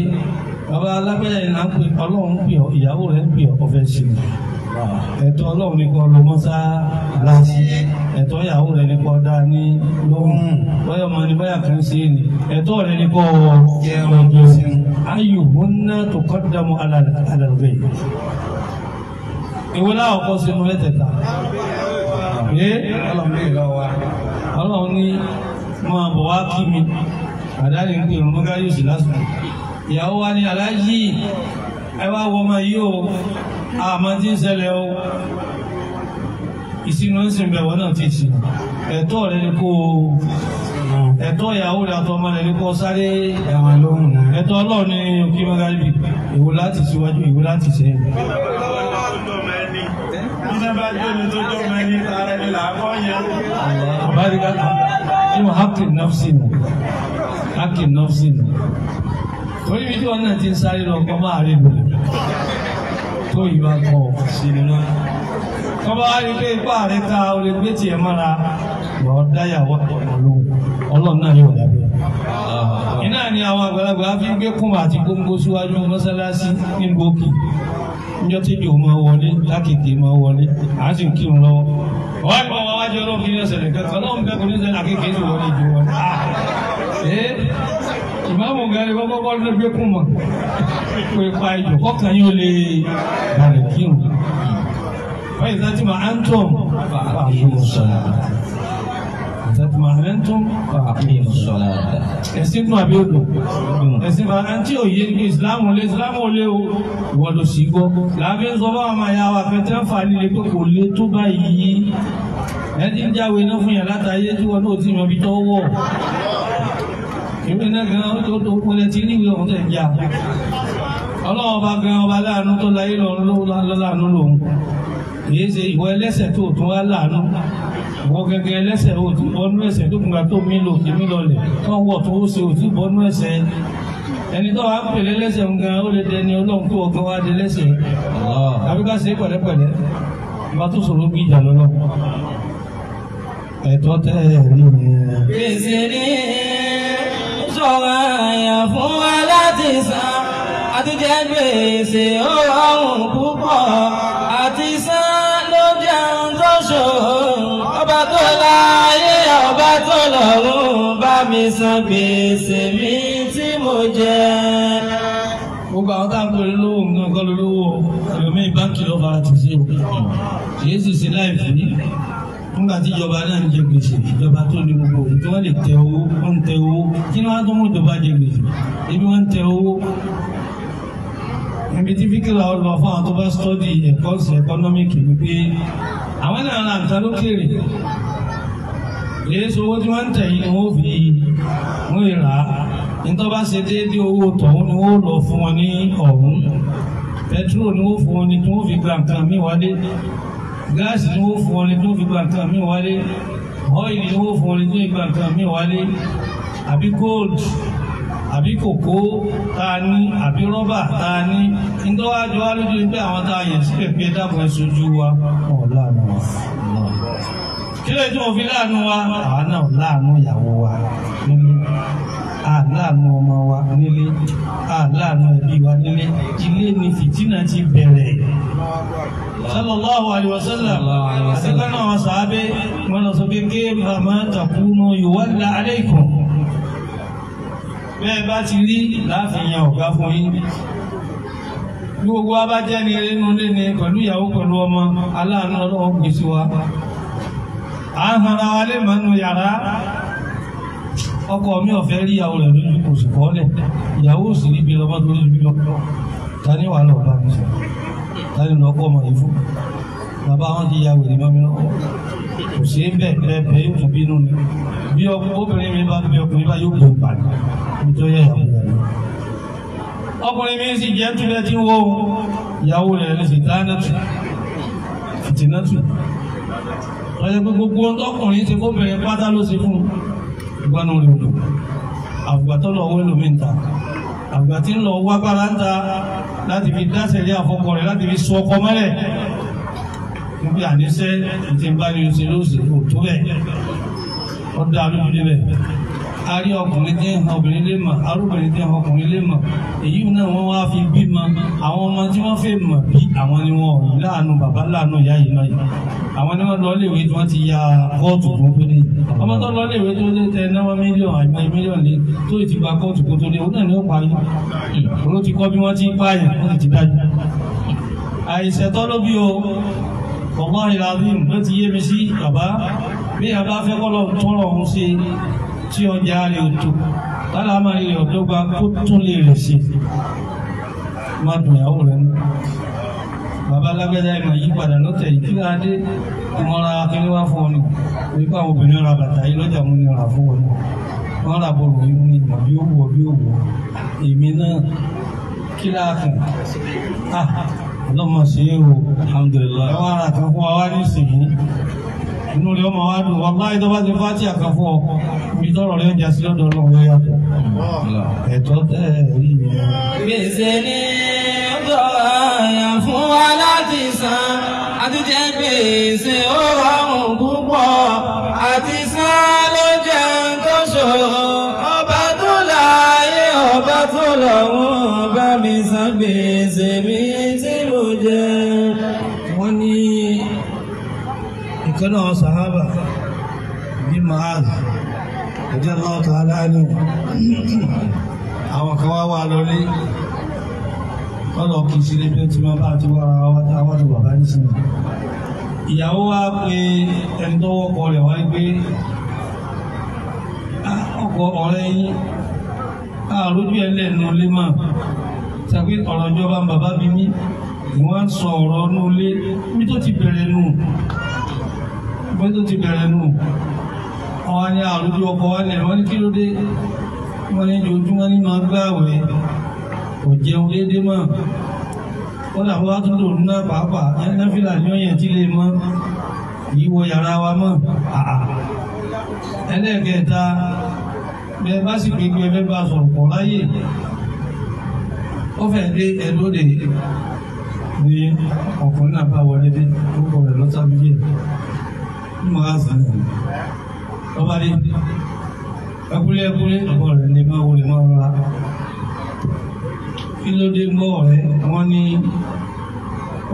bàbá alágbájá yìí là ń pè ọlọ́run ń pè ọ ìyàwó rẹ̀ ń pè ọ ọfẹ́ sínú ẹ̀tọ́ ọlọ́run ní kọ́ ló mọ́sá láti ẹ̀tọ́ ìyàwó rẹ̀ ní kọ́ dá ní lóhùn bọ́yọ̀ ọmọ ní báyà kan sí ni ẹ̀tọ́ rẹ̀ ní kọ́ ẹ̀rọ̀ gbèsè ayò wọn náà tó kọ́ dàmú alàlùbẹ̀ ìwé náà kọ́ sínú mẹ́tẹ̀ẹ̀ta ọlọ́run ní máa bọ̀ wá kí mi àdáni ń pè ọmọ gáyọ̀sì lásán ìyàwó wa ní aláàjì ẹ wá wọ ọmọ yìí o àmọ́ ah, tí ń ṣẹlẹ̀ o ìsinmi ń sinmi ẹ̀wọ̀n náà ti sìn ẹ̀tọ́ rẹ ni kó o ẹ̀tọ́ ìyàwó rẹ àti ọmọ rẹ ni kó o sáré ẹ̀wọ̀n lóhùn náà ẹ̀tọ́ ọlọ́run ni òkè mọ́gàlíbì ìwò láti síwájú ìwò láti sẹ́yìn. Barika inú hakin nafsi nù hakin nafsi nù torí ibi tí wọn náà ti ń sáré lọ ọkọ máa rí lò tó ìwà kọ sinimá tọ́ba rí pé ipá rẹ ta o lè gbé tiẹ̀ mọ́ra wà á dáyà wà lóhùn ọlọ́run náà yóò dábẹ́. iná ni àwọn àgbàlagbà fi ń gbé kùnmọ̀ àti gbóngbó síwájú mọ́sálásí nílùú òkè níjọ́ tíjú máa wọlé lákèké máa wọlé à ń sì kírun kiri ọ̀sẹ̀ lẹ́kẹ̀ẹ́ ọlọ́run ìmáàmù gan ni kọ́kọ́ kọ́ ló gbé kún mọ́ pé pa ìjọ kọ́kàn yóò lè balẹ̀ kírun wọ́n ìta tí ma antum fa àkíyèmù sọ̀rọ̀ ìta tí ma antum fa àkíyèmù sọ̀rọ̀ ẹ̀sìn tún àbí odò ẹ̀sìn fa àǹtí òye ní ìsìláàmù lé ìsìláàmù lé o ìwọ́dọ̀ sí gbọ́ làbí ń sọ bá wọn máa yá wa fẹ́tẹ́ ń fa líle pé kò lé tó báyìí ẹ ti ń jáwé náà fún yàrá látàyé tí wọn náà ti mọ ibi tọ́wọ́ èmi náà gan ó pinnu tí ní ìlú ọ̀hún tẹ̀ ń jà ọlọ́wọ́ bá gan ọba láàánú tó láyé lọ́run lọ́láàánú lòun kìí ṣe ìwọ ẹlẹ́sẹ̀ tó tún wá láàánú ìwọ gẹ́gẹ́ ẹlẹ́sẹ̀ ò ti bọ́nú ẹ̀sẹ̀ tó kùnà tó mí lò tèmi lọlẹ̀ tó wọ̀ tó ó ṣe ò ti bọ́nú ẹ̀sẹ̀ ẹni tó wàá pè lẹ́lẹ́sẹ̀ ń gan ó lè dẹni ọlọ́run tó ọgbọ́n wá dé lẹ́sẹ̀ àbí ká ṣe pẹ̀lẹ́pẹ̀lẹ́ bá tó sọ̀rọ̀ bí ìjà lọ́lọ́ ẹ̀tọ́ tẹ́ ẹ̀rí ni tọrọ àyàn fún wa láti san àti jẹ gbèsè ó rọrùn púpọ̀ àti san ló jẹ ohun tó ṣòro ọba tó láyé ọba tó lọ́run bá mi san gbèsè mi tí mo jẹ. gbogbo àwọn táwọn kò lówó nǹkan kan lówó ẹlòmíín báńkì lọ́ọ́ fara tì sí sí láì fún yìí nígbà tí ìjọba náà ń jẹ gbèsè ìjọba tó ní gbogbo tí wọ́n lè tẹ owó wọ́n ń tẹ owó kí ni wọ́n tó mú ìjọba jẹ gbèsè ebi wọ́n ń tẹ owó. ibi tí fíkìlà ọ̀rọ̀ lọ fáwọn tó bá sọ́ọ́dì ẹ̀kọ́sì ẹ̀kọ́nọ́mìkì ni pé àwọn náà ra nǹkan lókèrè èso owó tí wọ́n ń tẹ̀ yìí ni wọ́n fi wọ́n rà á nítorí bá ṣe déédéé owó tọ̀hún ni wọ́n lọ fún wọn ní ọ̀hún pẹtrol ni wọ́n fún wọn ní tí wọ́n fi gba nǹkan míì wálé gáàsì ni wọ́n fún ọ ní tó fi gba nǹkan mi wálé ọ́ìlì ni wọ́n fún ọ ní tó fi gba nǹkan mi wálé àbí gold àbí kòkó tá a ní àbí rọ́bà tá a ní ńdọ́wájú wa lójú pé àwọn tá a yẹ̀ sí pèpè dákun ẹ̀sùn ojú wa ọ̀ wa kí ló dé tó fi láàánú wa àwa náà láàánú ìyàwó wa nílé àláàánú ọmọ wa nílé àláàánú ẹbí wa nílé ilé ni fìtínà ti bẹ̀rẹ̀. sallallahu alaihi wasallam àti pẹ́lú àwọn sàábé wọn lọ sọ yuwalla alaykum bẹ́ẹ̀ bá ti rí láàfin yan ọ̀gá fún yín gbogbo wa bá jẹ́ ni inú ọmọ wa ọkọ mi rí ìyàwó lójú kò sì kọ́ lẹ̀ ìyàwó ibi tó ta láti lọ kọ́ ọmọ yìí fún bàbá wọn ti ya wèrè mọ́mí náà kò sí bẹ́ẹ̀ bẹ́ẹ̀ yóò tún bínú ni bí obìnrin mi bá bí ọkùnrin bá yóò gbòògbà ní nítorí ẹ̀yà mú wọn. ọkùnrin mi sì jẹ́ túlẹ̀ tí ń wọ́ ìyàwó rẹ̀ ní fìtánátù fìtínátù wọ́n yẹ pé gbogbo ọkùnrin ti kó pátá ló ṣe fún un gbọ́nà olùdó àgbàtọ́ lọ́wọ́ ẹlòmíì ta àgbà tí ń lọ wá bára ń ta láti fi dáṣẹ̀ lé àfọkọ rẹ̀ láti fi sọ ọkọ mọ́lẹ̀ níbi àníṣe ìtìǹbá ni o ti lóṣèlú tó bẹ̀ ọ́ dá lójú níbẹ̀ a rí ọkùnrin tí ń han obìnrin lè mọ̀ arúgbìnrin tí ń han ọkùnrin lè mọ̀ èyí náà wọ́n wá fi bímọ àwọn ọmọ tí wọ́n fẹ́ mọ̀ bí àwọn ni wọn ò láàánú bàbá láàánú ìyá yìí náà yìí àwọn ni wọ́n lọ léwé tí wọ́n ti ya kóòtù tó tó dé ọmọ tó lọ léwé tó dé tẹ náwó mílíọ̀nù àìmọ́ mílíọ̀nù lé tó ti gba kóòtù tó tó dé òun náà ni ó parí òun ti kọ́ bí wọ́n ti pààyàn ó ti dájú àìṣẹ̀tọ́ ló bí o ọ̀gbọ́n ìlàdí ló ti yé mi sí bàbá bí a tí ọjà rẹ̀ ò tó lálàámà rẹ̀ ò dọ́gba kó tún lè rẹ̀ ṣe má dùn ìyàwó rẹ̀ nù. bàbá lágbẹ́dá ìmọ̀ yí padà lọ́tẹ̀ yìí kí láadé ìmọ̀ra akíní wá fún ọ ni wípé àwọn obìnrin ra bàtà yìí lọ́jà mú ni ra fún ọ ni wọ́n ra bọ̀rọ̀ yìí mú ni ìmọ̀ bí ó wọ̀ bí ó wọ̀ èmi náà kí láàkùn ah, ọlọ́mọ sí i o alhamdulilayi wọ́n ra kan fún wa wá ní ìsìn inú rẹ̀ ọmọ wa dùn wọ́n láì tó bá ti fátì àkàfọ́ ọkọ̀ mi tọrọ rẹ̀ ọjà sí lọ́dọ̀ ọlọ́run yóò yàtọ̀ ẹ̀tọ́ tẹ́ rí mi. gbèsè ni ó tọ́ fún wa láti san àti jẹ́ gbèsè ó rọrùn púpọ̀ àti san ló jẹ́ tó ṣòro ọba tó láàyè ọba tó lọ́wọ́ bá mi san gbèsè mi. ìkànnà àwọn sàhábà bí Mu'adh radiyallahu ta'ala anhu àwọn kan wá wà lórí ọ̀nà kì í ṣe ti máa bá ìyàwó wa pé ẹni tó wọ́pọ̀ rẹ̀ wá gbé ọkọ̀ ọ̀rẹ́ yín àrójú tàbí pé tó ti bẹ̀rẹ̀ nù wọn ní àrùjọ ọkọ wọn lẹ wọn ní kí ló dé wọn ní ojoojúmọ́ ní máa gbààwẹ̀ kò jẹun déédéé mọ́ wọn làwọn wá tún lòun náà pàápàá ẹni náà fìlà ní ọyàn tí lè mọ ìwọ yàrá wa mọ ẹlẹ́ẹ̀kẹta bẹ́ẹ̀ bá sì pé pé bẹ́ẹ̀ bá sọ̀rọ̀ pọ̀ láyè ó fẹ́ dé ẹ̀dọ́dẹ̀ ní ọkùnrin náà bá wọlé dé ó kọ̀ rẹ̀ lọ́sàbíyẹ̀ máa sàn jù ọba dé ẹkúlé ẹkúlé ọkọ rẹ ní máa wọlé máa rọra kí ló dé gbọ́ rẹ wọ́n ní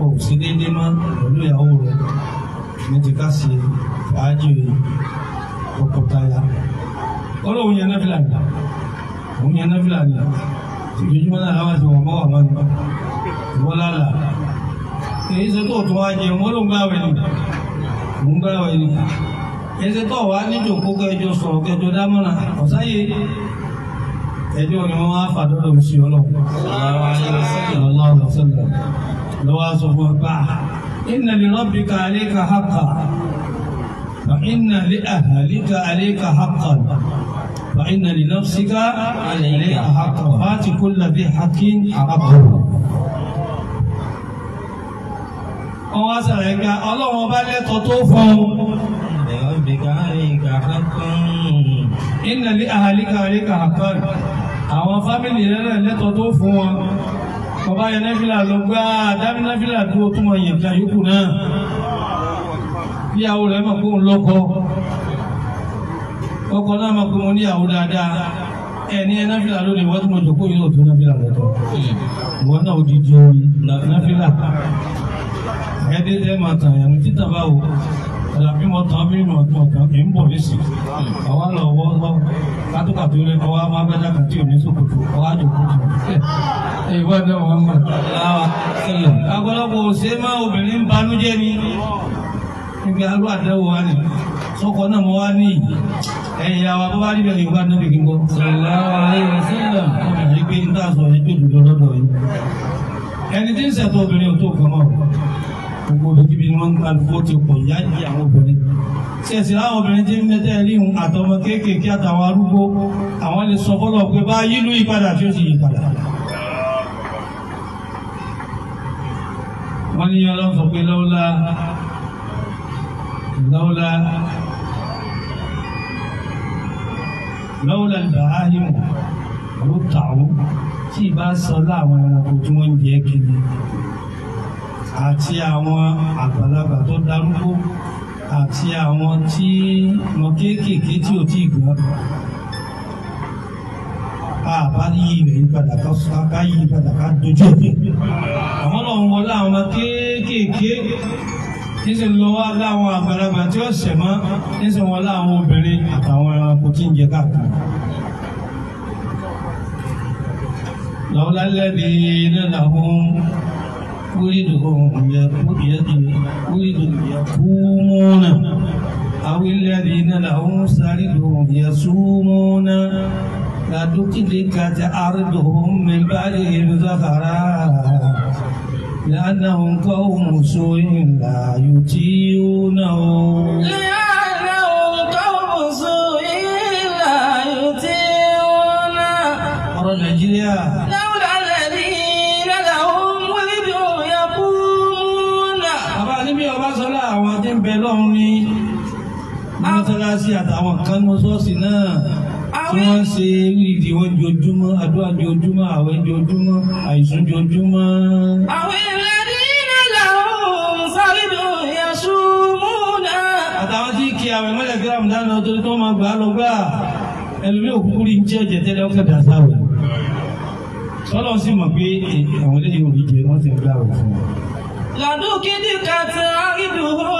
òsì dédé má pẹ̀lú ìyàwó rẹ ní ti ká ṣe fàájì tọkọtaya ọlọ́run yẹn náfìlà ni òun yẹn náfìlà ni ìjọjúmọ́ náà láwọn àti wọ́n bá wà lọ́nà ìwọ́lá là èyí ṣe tó tún wá jẹun ọlọ́run gbáwé ni mo ń gbára wa yìí nìkan ẹsẹ tó wà níjò kókó ẹjọ́ sọ̀rọ̀ kẹjọ dámọ̀nà ọ̀sáyé ẹjọ́ ni wọ́n á fà lọ́dọ̀ òsì ọlọ́pàá lọ́wọ́ sọ fún ọgbà ah, inna li rabbika alayka haqqan fa inna li ahlika alayka haqqan fa inna li nafsika alayka haqqan fati kulli dhi haqqin haqqahu wọ́n wá sàrẹ̀ ga ọlọ́run ọba lẹ́tọ̀ tó fọ́n. iná lé àhàlíkà àríkà àkọ́n àwọn fámìlì rẹ̀ lẹ́tọ̀ tó fún wọn. ọba yẹn náfìlà ló gbá dábì tó yẹn ká náà. ìyàwó rẹ̀ mọ̀ lọ́kọ. ọkọ náà mọ̀ níyàwó dáadáa ẹni lónìí wọ́n ẹ dé ẹ máa tàn yàn títà báwo àlàbí mọ tàn bí mọ tàn kàn kì í bọ̀ lẹ́sì àwa lọ wọ́ lọ kátó-kàtó rẹ kọ́ wa máa bẹ́ẹ̀ dàgbà tí ò ní sòkòtò ọ̀wá jòkó tó. ìwọ ni wọn mọ. àgbọ̀lọpọ̀ ṣé máa obìnrin ń banújẹ́ ni níbi alú àtẹ̀wò wa ni sọ́kọ náà mo wá ní ẹ̀yìn àwa bó bá níbẹ̀ yorùbá níbi kí n bọ́. sallallahu alaihi wasallam. ọmọ yìí gbé ní tàṣọ yẹn tó dùn yìí ẹni tí ń ṣètò obìnrin ò tó kàn mọ́ gbogbo ibi ni wọ́n ń gba fóòtù kò yá yí àwọn obìnrin ṣèṣì láwọn obìnrin tí ń mẹ́tẹ́ rí hun àtọmọ kéékèèké àtàwọn arúgbó àwọn lè sọ fọlọ pé bá yílù ìpadà tí ó sì yí padà. wọ́n ní ọlọ́run sọ pé lọ́wọ́lá lọ́wọ́lá lọ́wọ́lá ìbáhìmù ló tàwọn tí ì bá sọ láwọn ẹranko tí wọ́n ń jẹ́ kiri àti àwọn àgbàlagbà tó darúgbó àti àwọn tí wọn kéékèèké tí ò tí ì gbọ́ bá yí ilẹ̀ yí padà ká yí padà ká dojú òde. àwọn náà ń wọlé àwọn kéékèèké kí sì ń lọ wá láwọn àgbàlagbà tí ó sẹ̀ mọ́ kí sì ń wọlé àwọn obìnrin àtàwọn ẹranko tí ń jẹ káàkiri. lọ́wọ́lá lẹ́ni náà làwọn. يقومون أو الذين لهم سردهم يصومون لتدلكت أرضهم من بعدهم زخرا لأنهم قوم سوء لا يطيعونه Nàìjíríà ní bẹ lọ́hún ní mọ́sálásí àtàwọn kan mọ́sọ́ọ̀sì náà tí wọ́n ṣe ìdí wọn jojúmọ́ àdúrà jojúmọ́ àwẹ̀ jojúmọ́ àìsùn jojúmọ́. àwọn ìlànà ìlànà sáré yasumuna. àtàwọn tí kí àwẹ̀ mọ́lẹ̀ gíráàmù dáná torí tó máa gbà á lọ gbà ẹlòmíì òkúkú rí ń jẹ́ ẹ̀jẹ̀ tẹ́lẹ̀ ó kẹ̀dá sáwẹ̀. sọ́lọ́ sì mọ̀ pé àwọn eléyìí ò ní jẹ wọ́n ti ń gbà wọ̀ fún wọn. làdúkìdí kàtà àrídùn hó.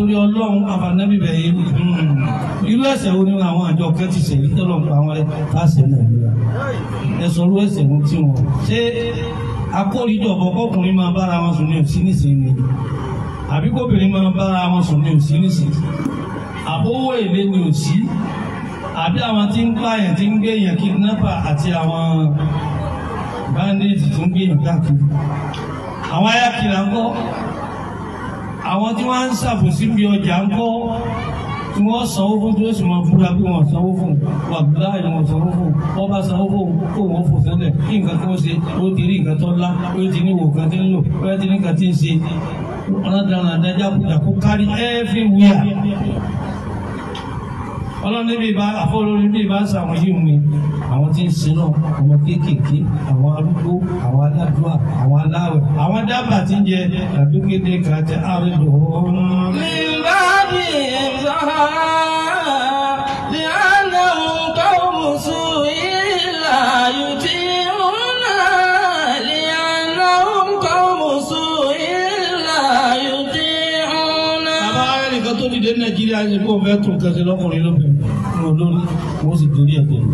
torí ọlọ́run àfànàbí bẹ̀rẹ̀ yìí hmm. irú ẹ̀ṣẹ̀ wo ni àwọn àjọ kan ti ṣe yìí tọ́lọ̀ pa wọn rẹ̀ láṣẹ nàìjíríà ẹ̀sọ̀ irú ẹ̀ṣẹ̀ wo tí wọn ṣé akóríjọ̀bọ̀ kọkùnrin máa bára wọn sùn ní òsì nísìnyí àbí kóbìnrin máa bára wọn sùn ní òsì nísìnyí àbówó èlé ní òsì àbí àwọn tí ń pààyàn tí ń gbèyàn kidnapper àti àwọn bandits tó ń gbèyàn káàkiri àwọn ayákìlá ń kọ́ àwọn tí wọ́n ń ṣàbòsí bí ọjà ń kọ́ tí wọ́n sanwó fún tí wọ́n sì máa búra pé wọ́n sanwó fún wà búra ìlú wọ́n sanwó fún wọ́n bá sanwó fún kó wọ́n fò sẹ́lẹ̀ kí nǹkan tó ń ṣe ó ti rí nǹkan tó ńlá ó ti ní ìwòkan tí ń lò ó ti ní nǹkan tí ń ṣe ọ̀nà dáná adájá kúta kó kárí everywhere ọlọ́ni bí ibà àfọlórí bí ibà sàwọn yìí mi àwọn tí ń sin náà àwọn kéékèèké àwọn arúgbó àwọn aládùúgbò àwọn aláwẹ̀ àwọn dábàá tí ń jẹ àdúgbò kéde kàtẹ àrùn ìdòwò. mi bá mi sọ́ra. dé nàìjíríà ní kó fẹ́ tún kẹsẹ̀ lọ́kùnrin lóbìnrin ní olórí wọ́n sì torí ẹ̀ pẹ̀lú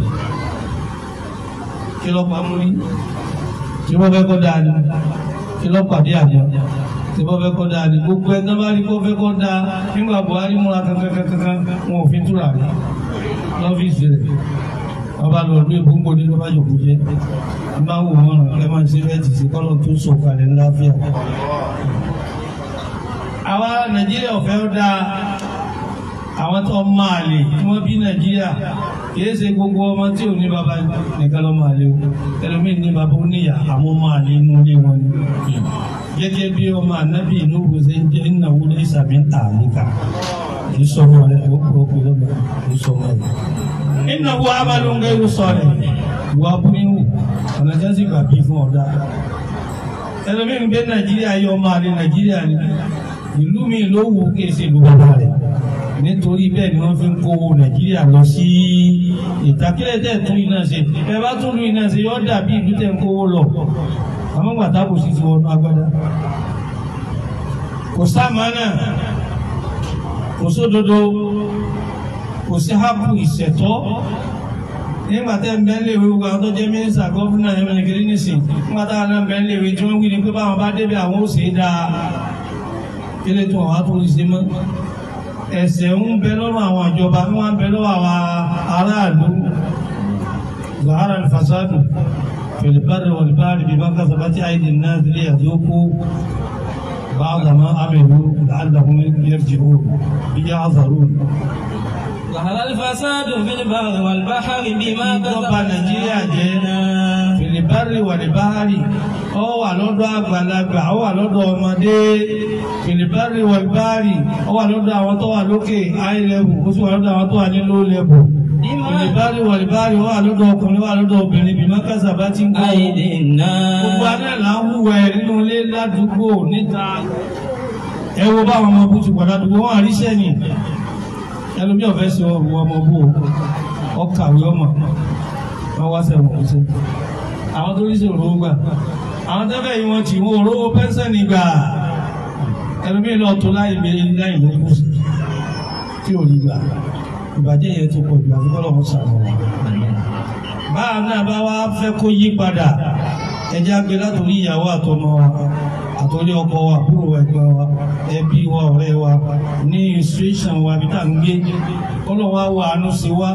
kí lọ́pàá mú ní tí wọ́n fẹ́ kọ́ dáa ní kí lọ́pàá dé àná tí wọ́n fẹ́ kọ́ dáa ní gbogbo ẹ̀ náà bá rí kó fẹ́ kọ́ dáa nígbà buhari múra kankankankan wọn ò fi túra rẹ̀ lọ́fíìsì rẹ̀ ọba lọ ní ìbúngbò ní ló yòókù jẹ máa wò wọn ràn ẹ máa ṣe bẹ́ẹ̀ ti ṣe kọlọ tó sọ̀kalẹ̀ ńlá fíà. àwa nàìjíríà ọ̀fẹ́ ó dáa àwọn tó máa lè tí wọ́n bí nàìjíríà kìí ṣe gbogbo ọmọ tí ò ní bàbá nìkan ló máa lè o ẹlòmíín ní bàbá oníyà àmọ́ máa lè inú ilé wọn ni. gẹ́gẹ́ bí ọmọ anábì inú òwò ṣe ń jẹ́ ìnáwó ní ìsàmì ta níta kì í sọmọ rẹ ó kúrò kú lọ́gbà kì í sọmọ rẹ. ìnáwó abalóńgá ìwò sọ̀rọ̀ ìwà abúlé ọ̀nà jásí gbàgbé fún ọ̀dà ẹlòmíín gbé nàìjíríà yọ nítorí bẹ́ẹ̀ ni wọ́n fi ń kó nàìjíríà lọ sí ìtàkìlẹ̀ tẹ̀ tún iná ṣe ẹ bá tún lu iná ṣe yọ dàbí ìlú tẹ̀ ń kówó lọ àwọn gbàtà kò sì ti wọnú agbádá kò sáàmánà kò sódodo kò sí hápù ìṣẹ̀tọ́ nígbà tẹ́ ń bẹ́ẹ̀ léwe gbogbo àwọn tó jẹ́ mínísítà gọ́fúnà ẹ̀mẹ́rin kiri nísìn nígbà táwọn náà ń bẹ́ẹ̀ léwe tí wọ́n wí ni pé báwọn bá débẹ̀ àwọn ó ṣe é dáa kí lè tún àwọn á mọ́ ẹ̀ṣẹ̀ ń bẹ lọ́rọ̀ àwọn ìjọba ní wọ́n ń bẹ lọ́wọ́ àwọn aráàlú zahara al-fasadu fil barri wal bahri bima kasabati aydi an-nas liyadhuqu ba'da ma 'amilu la'allahum yarji'un zahara al-fasadu fil barri wal bahri bima fìlìbárì wàlìbáhárì ó wà lọ́dọ̀ àgbàlagbà ó wà lọ́dọ̀ ọmọdé fìlìbárì wàlìbáhárì ó wà lọ́dọ̀ àwọn tó wà lókè high level ó sì wà lọ́dọ̀ àwọn tó wà ní low level ìbárí wà ìbárí wà lọ́dọ̀ ọkùnrin wà lọ́dọ̀ obìnrin bí mọ́kàsà bá ti ń kọ́ gbogbo alẹ́ là ń wúwẹ̀ nínú ilé ládùúgbò níta ẹ wo báwọn ọmọ bú ti padà dùgbò ni ẹlòmí ọ̀fẹ́ sọ ọmọ bú ọkàwé ọmọ wọn wá sẹ́wọ̀n kó àwọn tó ní sòrò gbà àwọn tẹ́fẹ̀ yìí wọ́n ti wọ́n rówó pẹ́ńsẹ̀nì gbà ẹlòmíì lọ tó láì mi láì ló kù tí ò ní gbà ìbàjẹ́ yẹn ti pọ̀ jù àti kọ́ lọ́wọ́ sàrọ̀ wà. báà náà bá wá fẹ́ kó yí padà ẹjẹ́ agbe látòrí ìyàwó àtọmọ wa àtòrí ọkọ wa àbúrò wa ẹgbẹ́ wa ẹbí wa ọ̀rẹ́ wa ní situation wa bí tá ń gbé kọ́lọ́ wa wà ánú sí wa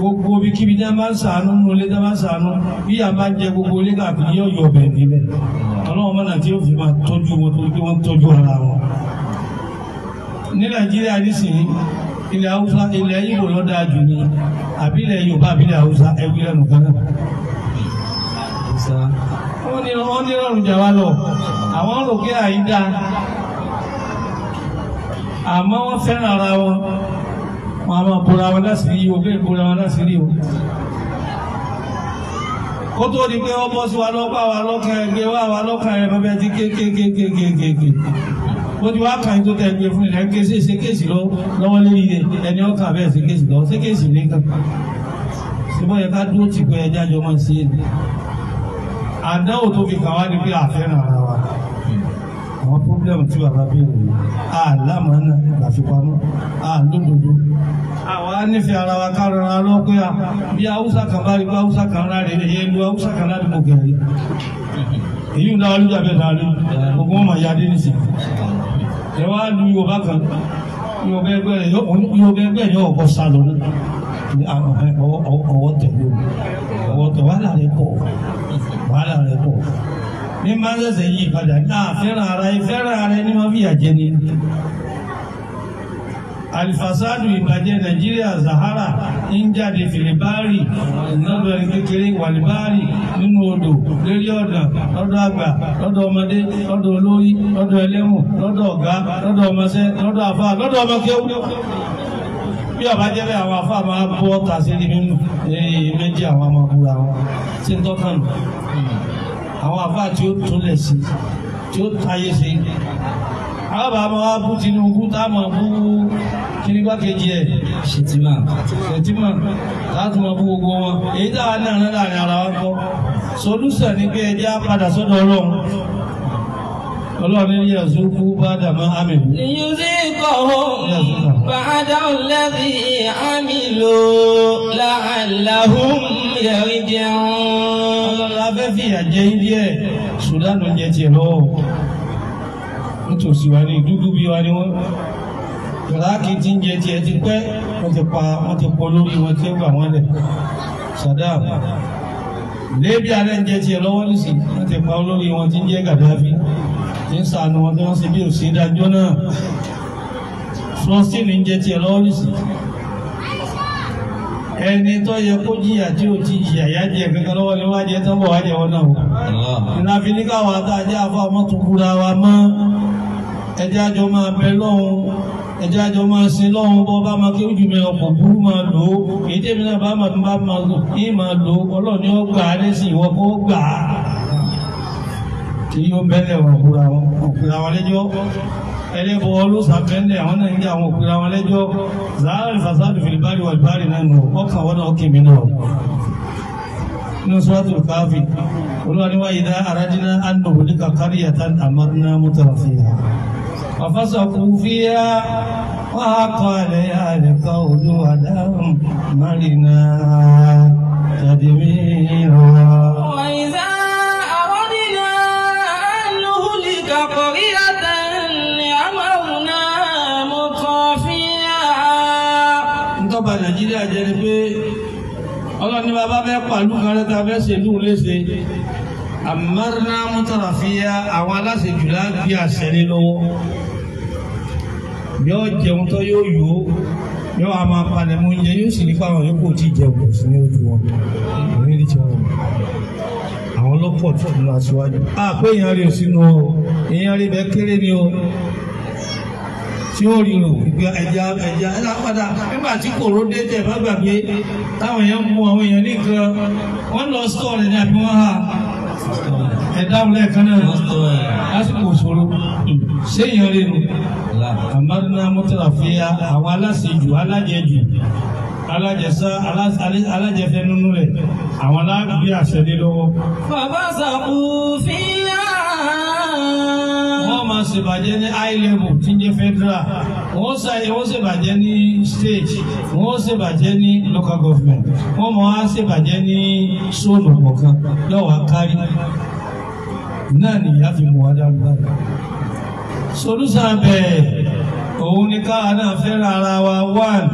gbogbo bí kíbi tí wọ́n bá ń sàánú nínú ilé tí wọ́n bá ń sàánú bí yà bá jẹ gbogbo ilé káàkiri yóò yọ ọbẹ̀ níbẹ̀ ọlọ́run mọ́nà tí yóò fi máa tọ́jú wọn tó kí wọ́n tọ́jú ara wọn. ní nàìjíríà nísìnyí ilẹ̀ haúsá ilẹ̀ ibo ló jù ní àbílẹ̀ yorùbá àbílẹ̀ haúsá ẹgbẹ́ lẹ́nu kan wọ́n ní wọ́n jà wá lọ àwọn rò pé àyídá àmọ́ wọ́n fẹ́ràn ara wọn wọn a máa bora wọn láṣìírí o bẹ́ẹ̀ bora wọn láṣìírí o. kó tó di pé ọmọ sí wa lọ́pàá wa lọ́kàn ẹ̀ gbé wá wa lọ́kàn ẹ̀ bàbá ti kékékékékékéké. ó ti wá kàn tó tẹ gbé fún ilẹ̀ ké ṣe ṣe kéèsì lọ́wọ́ lórí ẹni ọkàn bẹ́ẹ̀ ṣe kéèsì lọ́wọ́ ṣe kéèsì nìkan. ṣùgbọ́n yẹ ká dúró tì pé ẹja jọ máa ṣe é. àdáwò tó fi kà wá ni pé àfẹ́ràn ara wa àwọn pọ́blẹ́mù tí wàá bá béèrè rẹ̀ àlámọ́nà àfipamọ́ àlódodo. àwa nífẹ̀ẹ́ ara wa ká rọra lọ́gbẹ́ à bí haúsá kan bá rí bí haúsá kan rárẹ̀ rẹ̀ yẹn lu haúsá kan láti mọ̀ gẹ̀rẹ́. èyí ń dá olú dàbẹ̀ dàrí gbogbo wọn mọ̀ ya dé nìsín. ẹ wá lu yorùbá kan yorùbá ẹgbẹ́ yẹn ọ̀bọ sálọ náà ọwọ́ tẹ̀lé o ọwọ́ tẹ̀ wàhálà rẹ̀ pọ̀ wàhálà rẹ̀ pọ̀ ní máa ń sẹ̀sẹ̀ yí ìpadà náà fẹ́ràn ara ẹ fẹ́ràn ara ẹ ní máa fìyà jẹ ni. alifasadu ìbàjẹ́ nàìjíríà zahara ń jáde filibari lọ́dọ̀ kékeré wàlibari nínú odò lérí ọ̀dàn lọ́dọ̀ àgbà lọ́dọ̀ ọmọdé lọ́dọ̀ olórí lọ́dọ̀ ẹlẹ́mù lọ́dọ̀ ọ̀gá lọ́dọ̀ ọmọṣẹ́ lọ́dọ̀ àfa lọ́dọ̀ ọmọkéwú bí ọba jẹ́ bẹ́ẹ̀ àwọn afá máa bọ́ ọ̀tà sí ibi méjì àwọn ọmọkùnrin àwọn tí ń tọ́kànnù àwọn àfáà tí ó túnlẹ̀ sí tí ó tayé sí àbá máa bú Tinubu tá a máa bú kínígbà kejì ẹ̀ ṣètìmá ṣètìmá láti máa bú gbogbo wọn èyí táwa náà náà láàrin ara wa kọ́ solúsàn ni pé ẹjẹ́ á padà sọ́dọ̀ Ọlọ́run ọlọ́run ní yẹ̀sùn kú bá dàmọ́ àmì. ìyúrí kọ̀ ọ́n bàdá lẹ́bi àmì lò láàláhùn yẹ̀rí jẹun. ọlọ́run abẹ́ fìyà jẹ ilé ti ń jẹ tiẹ̀ ti pẹ́ wọ́n ti pa wọ́n ti pọ̀ lórí wọn tí ó gbà wọ́n lẹ̀ Saddam lébí alẹ́ ń jẹ tiẹ̀ lọ́wọ́ nísìnyí wọ́n ti pa olórí wọn ti ń jẹ́ Gaddafi tí ń sànù wọn tí wọ́n ṣe bí òsì dájọ́ náà flọ́sìn ń jẹ́ tiẹ̀ lọ́ọ́rìsì ẹni tó yẹ kó jìyà tí ò ti jìyà yá jẹ kankan lọ́wọ́ ni wọ́n á jẹ tán bọ̀ wá jẹ wọn náà ìlànà fi ní káwọn àtàjẹ́ àfọ àmọ́tòkúra wa mọ́ ẹjẹ́ àjọ máa bẹ lọ́hùn ẹjẹ́ àjọ máa sin lọ́hùn bọ́ bá máa kí ojú mi ọkọ̀ burú máa lò ó èyí tèmi náà bá máa lò ó ọlọ́ọ̀ni ó gbà á lẹ́sìn ìwọ́kọ̀ ó gbà á tí yóò bẹ́lẹ̀ òkúra wọn òkúra wọn lẹ́jọ́ ẹlẹ́bọ olóòsàn àwọn náà ń jẹ́ àwọn òkúra wọn lẹ́jọ́ zaari fasadu filibari walibari náà nù ọkàn wọn náà ó kèmí náà nínú sọ́ọ́tù káfí olúwa ni dá arájínà àndòwò kàkárí yàtá àmàdínà mọ́tàfíà ọ̀fọ́sọ̀kù fíyà wọ́n á kọ́ ẹ̀lẹ́ àrẹ̀kọ́ olúwa dáhùn márìnà náà jẹ́ ni pé ọlọ́ni bàbá fẹ́ pàlú kan rẹ́ta fẹ́ ṣèlú léṣe àmọ́rìnà mọ́tàrà fi ya àwọn aláṣejù láàbí àṣẹ ní lọ́wọ́ yóò jẹun tó yóò yó yóò a máa palẹ̀ mú oúnjẹ yóò sì nípa àwọn yòókù tí jẹun kò sí ní ojú wọn òní ní tiwọn àwọn lọ́pọ̀ tó ń lọ aṣíwájú. àpé ìyẹn rí o sínú o ìyẹn rí bẹ́ẹ̀ kéré ni o tí ó rí o. ìgbà ẹja ẹja ẹja padà nígbà tí kòró dé tẹ bá gbàgbé táwọn èèyàn mú àwọn èèyàn ní nǹkan wọn lọ sọ rẹ ní àbí wọn hà ẹ̀dá ọ̀lẹ́ kan náà lásìkò òṣòro séèyàn lè nù. àmàdúnà mọ́tàlá fi àwọn aláṣejù alájẹjù alájẹsá alájẹfẹnunú rẹ àwọn alágbé àṣẹ lé bàbá sàkúfin máa ṣèbàjẹ́ ní high level tí ń jẹ́ federal wọ́n ṣàyẹ̀wò ṣèbàjẹ́ ní state wọ́n ṣèbàjẹ́ ní local government wọ́n máa ṣèbàjẹ́ ní sóònù kọ̀ọ̀kan lọ́wọ́ kárí náà nìyá fi mú wa dáadáa solúsàn bẹ́ẹ̀ òun ni káà náà fẹ́ràn ara wa one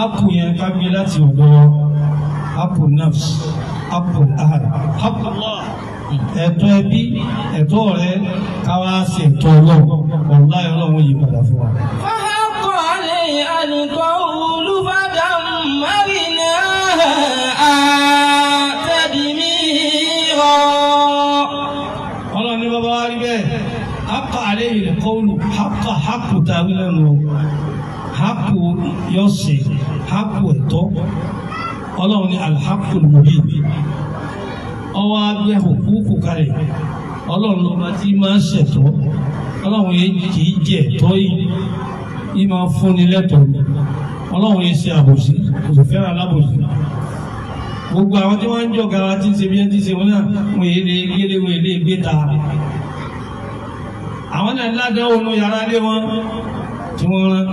ápù yẹn ká gbé láti ọ̀dọ́ ápù nafs ápù ahad ápù allah ẹ̀tọ́ ẹbí ẹ̀tọ́ ọ̀rẹ́ káwá sí ẹ̀tọ́ ọlọ́run ọ̀la ọlọ́run yìí padà fún wa. fáhákọ̀ ni àlùkò olùbàdàn márìnà àtẹ̀dìmí rọ. ọlọ́run ní bàbá wa rí bẹ́ẹ̀ hákọ̀ àlẹ́ ìrẹ̀ kọ́ọ̀lù hákọ̀ hákọ̀ tàbí lẹ́nu hákọ̀ yọ̀ọ̀sẹ̀ hákọ̀ ẹ̀tọ́ ọlọ́run ní alhákọ̀ lùmọ̀bí ọwọ́ agbẹ́ òkúùkù kalẹ̀ ọlọ́run lọ́ba tí máa ń ṣẹ̀tọ́ ọlọ́run yìí kì í jẹ ẹ̀tọ́ yìí yìí máa ń fúnni lẹ́tọ̀ọ́ ọlọ́run yìí ṣe àbòsí kò sì fẹ́ràn alábòsí gbogbo àwọn tí wọ́n ń jọ gara tí ń ṣe bí ẹni tí ń ṣe wọn náà wọn èyí lè gbélé wọn èyí lè gbé ta àwọn náà ládàá òun yàrá lé wọn tí wọ́n rán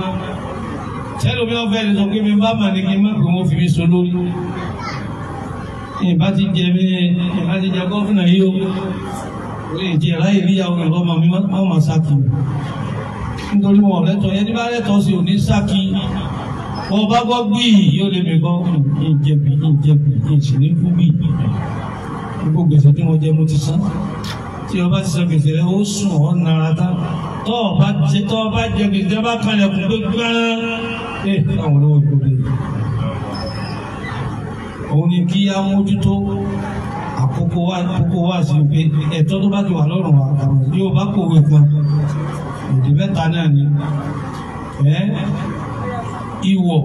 tẹ́lómi ọ̀fẹ́ ìdìsọ́gbé mi bá mà ní kí n má pè fi mi so lórí ìbá ti jẹ bẹ́ẹ̀ ìbá ti jẹ gọ́fìnà yìí o lè jẹ ráyè níyàwó ẹ̀rọ ọmọ mi má má sákì nítorí wọn lẹ́tọ̀ ẹni bá lẹ́tọ̀ sí òní sákì wọn bá gbọ́ gbìyì yóò lè mi gbọ́ ìjẹ̀bi ìjẹ̀bi ìṣẹ̀lẹ̀ fún gbìyì gbogbo gbèsè tí wọ́n jẹ mo ti san tí ọba ti san gbèsè rẹ ó sùn ọ́ nara tán tọ́ ọba jẹ gbèsè ọba kan lẹ̀kùn gbẹgbẹ́ eh, ẹ àwọn olówó ìgbòho òun ni kí á mójútó àkókò wa àkókò wa sí pé ẹ̀tọ́ tó bá ti wà lọ́rùn wa kàwọn yóò bá kòwé kan èdè mẹ́ta náà ni ẹ ìwọ̀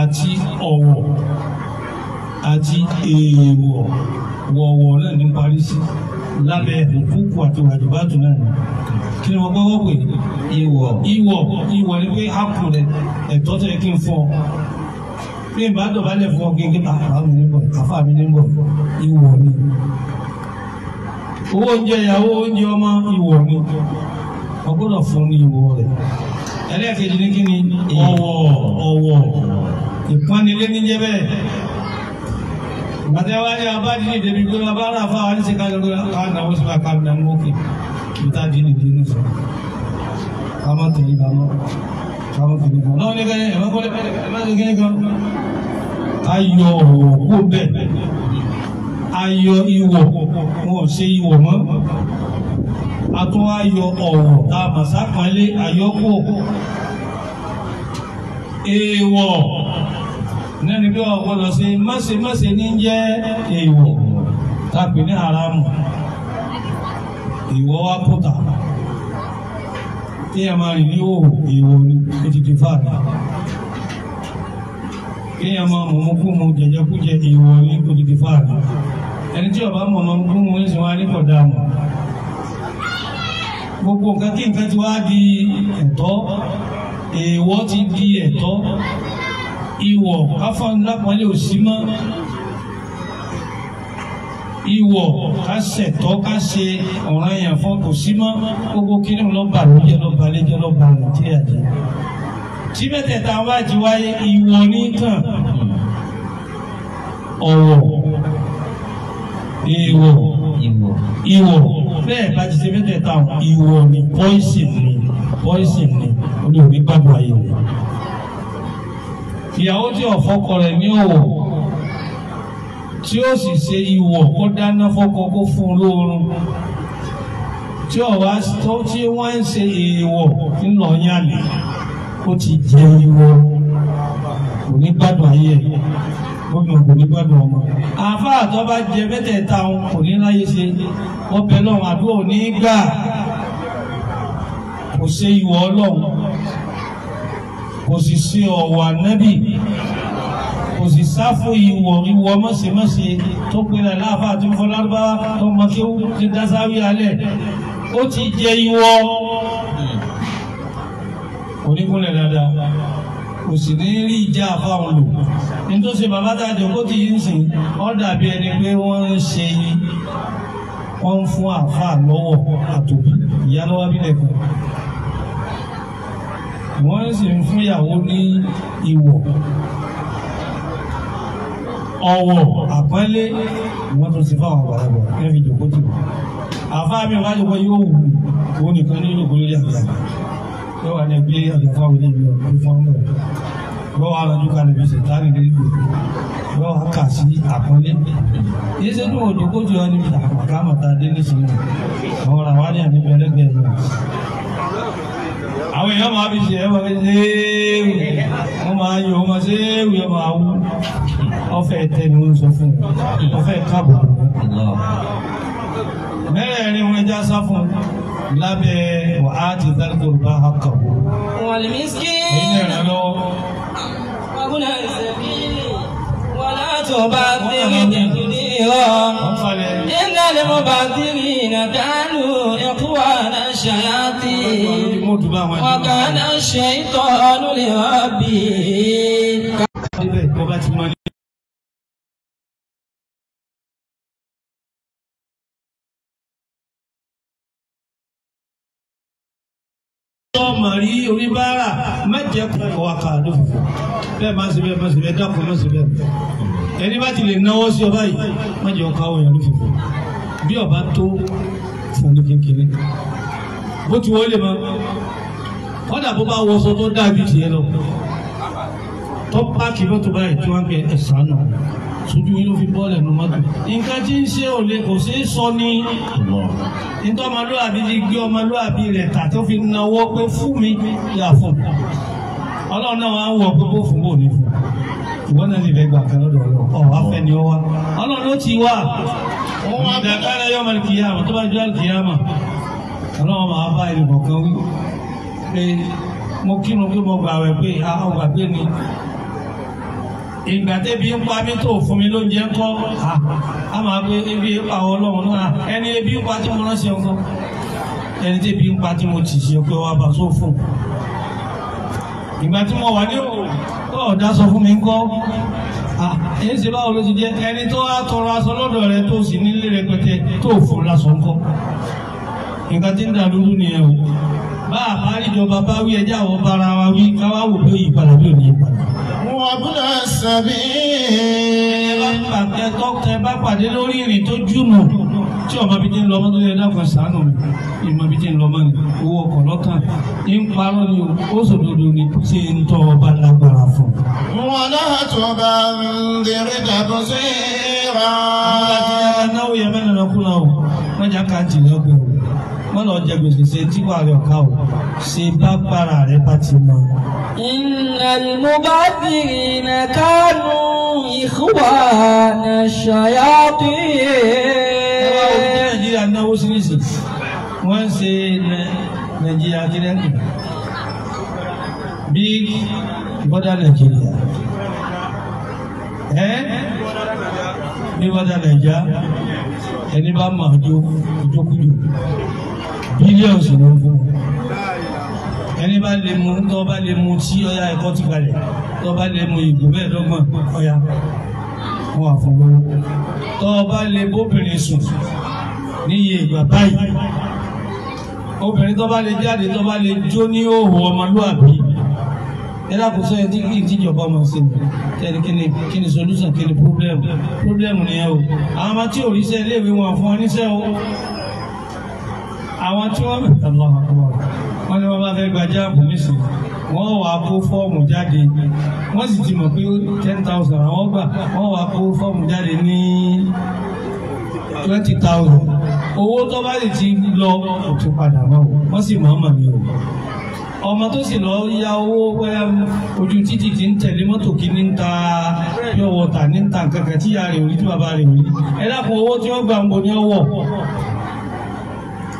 àti ọ̀wọ̀ àti èèwọ̀ wọ̀wọ̀ náà ní parí sí lábẹ́ ìkúkú àti wàjúbàtú náà ni kí ni wọ́n gbọ́wọ́ pé ìwọ̀ ìwọ̀ ìwọ̀ ni pé hápù rẹ̀ ẹ̀tọ́ tó kí n fọ́ ọ ní ìbádọ̀ bá lẹ̀ fún ọ̀gẹ́gẹ́ àfà mi ní bọ̀ àfà mi ní bọ̀ ìwọ̀ mi owó oúnjẹ ìyàwó oúnjẹ ọmọ ìwọ̀ mi ọgbọ́dọ̀ fún ní ìwọ̀ rẹ̀ ẹlẹ́ẹ̀kejì ní kíni ọ̀wọ̀ ọ̀wọ̀ ìpánilé níjẹ́ bẹ́ẹ̀ àtẹwà ni a bá di ní ìdẹ́bi gbọ́dọ̀ bá rà fáwọn àti ṣe kájọ gbọ́dọ̀ káwọn náà wọ́n sì máa káwọn náà ń wọ́kì kí wọ́n tá di ní ìdí ní sọ ká tẹ̀lé ká káwọn kìíní kan náà ní kẹ́ni ẹ̀mọ́ kọ́lé ẹ̀mọ́ kìíní kan ká yọ ọ̀wọ̀ kó bẹ́ẹ̀ ayọ ìwọ̀ wọn ò ṣe ìwọ̀ mọ́ atún ayọ ọ̀wọ̀ tá a màsá kan lé bí wọ́n gbọ́dọ̀ ṣe mọ́ṣe mọ́ṣe ní jẹ́ èèwọ̀ tá ní haramu ìwọ̀ wa kúta kí èèyàn máa rìn ní òòrùn èèwọ̀ ni ó ti di fáàrí kí èèyàn máa mọ̀ mú kú mu jẹjẹkújẹ èèwọ̀ ni ó ti di fáàrí ẹni tí ọba mọ̀ mọ̀ kú mu ń sìn wá ní kọ̀dà mọ̀ gbogbo nǹkan kí nǹkan ti wá di ẹ̀tọ́ èèwọ̀ ti di ẹ̀tọ́ ìwọ̀ afọ́nlápọ̀lẹ́ òsì mọ́ ìwọ̀ ká ṣẹ̀tọ́ ká ṣe ọ̀ràn yẹn fún kò sí mọ́ gbogbo kí ni lọ́ba àlùjẹ́ lọ́ba àlejò lọ́ba nàìjíríà jẹ́ tí mẹ́tẹ̀ẹ̀ta wá ti wáyé ìwọ̀ ní tàn ọ̀wọ̀ ìwọ̀ ìwọ̀ bẹ́ẹ̀ bá ti ṣe mẹ́tẹ̀ẹ̀ta ní poison ni poison ni olórí gbàgbọ́ ayé rẹ̀ ìyàwó tí ọ̀fọ́kọ rẹ̀ ní ọ̀wọ̀ tí ó sì ṣe ìwọ̀ kó dáná fọ́kọ kó fún un lóorun tí ọ̀wá tó tí wọ́n ń ṣe ìwọ̀ ńlọ yàlẹ̀ ó ti jẹ́ ìwọ̀ kò ní gbádùn ayé ẹ̀ gómìnà kò ní gbádùn ọmọ. àáfàá tó bá jẹ mẹ́tẹ̀ẹ̀ta òun kò ní láyé ṣe ọbẹ̀ lọ́run àdúrà ní gbà kò ṣe ìwọ̀ ọlọ́run kò sì ṣe ọ̀wọ̀ ànábì kò sì sáfò ìwọ̀ ìwọ̀ mọ́sẹ̀mọ́sẹ̀ tó pinna láàfà tó fọ́ lárúbáwá tó mọ kí ó ti dá sáré alẹ̀ ó ti jẹ ìwọ̀ oníkúnlẹ̀ dáadáa kò sì ní rí ìjà fáwọn lò nítòsí bàbá dájọ kó ti yín sìn ọ́ dàbí ẹni pé wọ́n ń ṣe wọ́n ń fún àfa lọ́wọ́ àtòkù ìyá lọ́wọ́ bílẹ̀ wọ́n sì ń fún ìyàwó ní ìwọ̀ ọ̀wọ̀ àpọ́nlé ìwọ́n tó ti fáwọn àgbàlagbà ẹ fi jòkó tì wọ́n àfa mi wá jòkó yóò wù òun nìkan ní jòkó lórí àgbà yóò wà ní ẹgbẹ́ àgbà fáwọn ilé ìlú ọ̀hún fún ọmọ rẹ̀ bọ́ wa lọ́jọ́ kan níbi sèǹtánì lé ìlú bọ́ wa kà sí àpọ́nlé yìí ṣe tó wọ́n jòkó tì wọ́n níbi àkàmọ̀tà dé nísìnyí ọ̀rọ̀ àwọn àníyàn níbi ẹlẹ́gbẹ̀ẹ́ náà àwọn èèyàn máa fi ṣe ẹ máa fi ṣe é wù wọn máa yọ wọn máa ṣe é wù ẹ máa wù ọfẹ tẹ ni wọn sọ fún un ọfẹ káàbọ̀ mẹ́rẹ̀ẹ̀rin wọn já sá fún un lábẹ́ wàhálà dálgòrò bá a kọ. wàlmísìkì ẹ̀yin ẹ̀rọ lọ́wọ́. wàhùnà ìsẹ̀bí wàlá tó bá tẹ̀lé tẹ̀lé rọ. ẹ̀ńdà lè mọ bá tẹ̀lé mọ̀ rí oníbàárà mẹ́jẹ̀ kọ́ ìwà kàdó bẹ́ẹ̀ má ṣe bẹ́ẹ̀ má ṣe bẹ́ẹ̀ dákun má ṣe bẹ́ẹ̀ ẹni bá ti lè náwó sí ọba yìí mẹ́jẹ̀ ọkọ̀ àwọn èèyàn ló fi fọ́ bí ọba tó fún ní kínkínní bó ti wọlé mọ́ kọ́dà bó bá wọṣọ tó dàbí tiẹ̀ lọ tó páàkì mọ́tò báyìí tí wọ́n ń pè ẹ̀ sànù sójú ló fi bọ́ọ̀lù ẹ̀nu mọ́tò. nǹkan tí ń ṣe òle kò sọ ní nítorí ọmọlúwàbí ti gbé mi yà fún ọlọ́run náà wọ fún bò ní fún náà kan lọ́dọ̀ ọ̀ afẹ́ ni ó wá ọlọ́run ti wá ọlọ́run máa bá wí ìgbà tẹ́bi ń pa mí tó fún mi lóúnjẹ ńkọ́ a máa gbé ebi àwọn ọlọ́run náà ẹni ebi ń pa tí mo ránṣẹ́ ńkọ́ ẹni tẹ́bi ń pa tí mo tì ṣe pé wà bá sóò fún ìgbà tí mo wà ní ọ̀dà sọ fún mi ńkọ́ èyí sì báwo ló ti jẹ́ ẹni tó wá tọrọ aṣọ lọ́dọ̀ rẹ tó sì nílé rẹpẹtẹ tó fún lásọ ńkọ́ nǹkan tí ń dà lóru nìyẹn o bá àbáríjọba bá wí ẹjẹ àwọn bára wa wí káwá wò pé ìpadà ò ní ìpadà abúlé sàbí. ẹ bá pàdé tọ́kọ ẹ bá pàdé lórí tí ọmọ bíi ti ń tó yẹ dákun sànù ìmọ̀ bíi ti ń lọ owó ọkọ̀ lọ́kàn ń parọ́ ni ó sòdodo ni ṣé ń tọ́ ọba lágbára fún. wọn náà tó bá ń lérí sí i rà. àwọn náà náwó yẹn mẹ́rin lọ́kùnrin náà wọ́n jà káàtì lọ́gbẹ̀ẹ́ wọn lọ jẹ gbèsè ṣe tí wàá rẹ ọ̀ka o ṣe bá para rẹ bá ti mọ. innal mubadhirina kanu ikhwana shayatin. ẹ wá o ní nàìjíríà náwó sírísì wọ́n ń ṣe nàìjíríà kírẹ́kì big border nàìjíríà ẹ bí border nàìjíríà ẹni bá mọ̀ ọjọ́ ìjókòó billions ló ń fún ẹni bá lè mu tó bá lè mu tí ọya ẹ̀kọ́ ti balẹ̀ tó bá lè mu ìgò bẹ́ẹ̀ lọ́gbọ̀n ọya wọn àfọwọ́ tó bá lè bóbìnrin sùn níye ìgbà báyìí obìnrin tó bá lè jáde tó bá lè jó ní òhò ọmọlúàbí ẹ dákun sọ yẹn tí kí n tíjọba ọmọ sí kẹni kẹni kẹni solution kẹni problem problem nìyẹn o àwọn ọmọ tí òrìṣẹ iléèwé wọn fún ọ níṣẹ́ o àwọn tí wọ́n wọ́n ní wọ́n bá fẹ́ gbajú àpò nísìn wọ́n wà á kó fọ́ọ̀mù jáde wọ́n sì ti mọ̀ pé ten thousand àwọn gbà wọ́n wà á kó fọ́ọ̀mù jáde ní twenty thousand owó tó bá lè ti lọ kò tún padà mọ́ wọ́n sì mọ̀ ọ́n mọ̀ o ọmọ tó sì lọ ya owó um, ojú títì tí ń tẹ̀lé mọ́tò kí ní ń ta pure water ní ń ta nǹkan kan tí ìyá rẹ̀ ò rí tí bàbá rẹ̀ ò rí ẹ dákun owó tí wọ́n gbà ń bo ní ọwọ́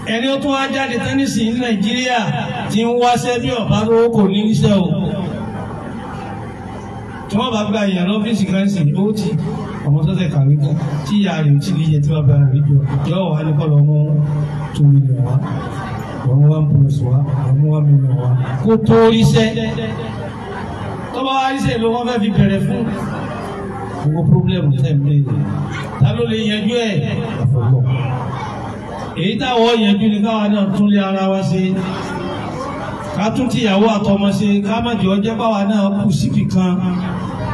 ẹni tó wá jáde tẹ́nísì ní nàìjíríà ti ń wáṣẹ́ bí ọ̀bá lówó kò ní níṣẹ́ o tí wọ́n bá gba èèyàn lọ́fíìsì kan sì ó ti ọmọ tó tẹ̀ kàwé kan tí ìyá rẹ̀ ò ti lè yẹ tí bàbá rẹ̀ jọ yọ wà ní kọ́ lọ mú tó mi lọ wá wọ́n wá ń pọ̀ sí wa wá mi lọ wá kó tó iṣẹ́ tọ́ba wá ló wọ́n fẹ́ fi bẹ̀rẹ̀ fún gbogbo pírọ́blẹ́mù tẹ̀ ń bẹ̀rẹ̀ ta ló lè yanjú ẹ̀ èyí táwọn yẹjú ni káwa náà tún lé ara wa ṣe ká tún tìyàwó àtọmọ ṣe ká má jọ jẹ́ báwa náà kù síbì kan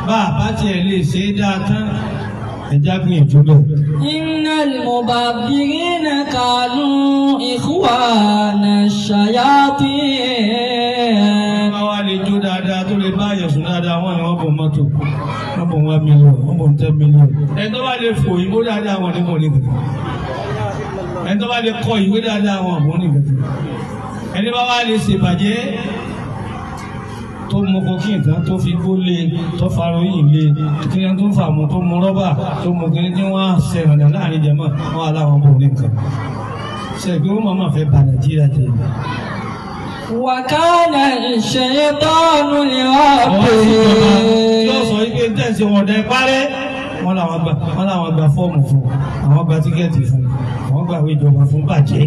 bá a bá tiẹ̀ lè ṣe é dáa tán ẹja gbìyànjú bẹ́ẹ̀. innal mubabirina kanu ikhwana shayatin. báwa lè jó dáadáa tó lè bá àyẹ̀sùn dáadáa wọn ni wọ́n bọ̀ mọ́tò wọ́n bọ̀ one million wọ́n bọ̀ ten million. ẹ̀ tó bá lè fò yìí dáadáa wọn ni mo lè ẹni tó bá lè kọ ìwé dáadáa àwọn àbọ̀ ní ìgbà ẹni bá wà lè ṣèbàjẹ́ tó mú kókí nǹkan tó fi gbó lé tó faroyìn lé kíni tó ń fàmù tó mú rọ́bà tó mú kíni tí wọ́n á láàrin jẹ̀mọ́ wọn aláwọn bò ní nǹkan ṣẹ̀gbẹ́ wọn máa fẹ́ bà Nàìjíríà jẹ́ ìgbà. Wàkánà ìṣèyítọ́nù ni ọ̀pẹ̀. Yóò sọ wípé tẹ̀sí wọn dẹ parẹ́. Wọ́n làwọn gba fọ́ọ̀mù fún àwọn gba tíkẹ́ẹ̀tì fún gbàwé ìjọba fún bàjẹ́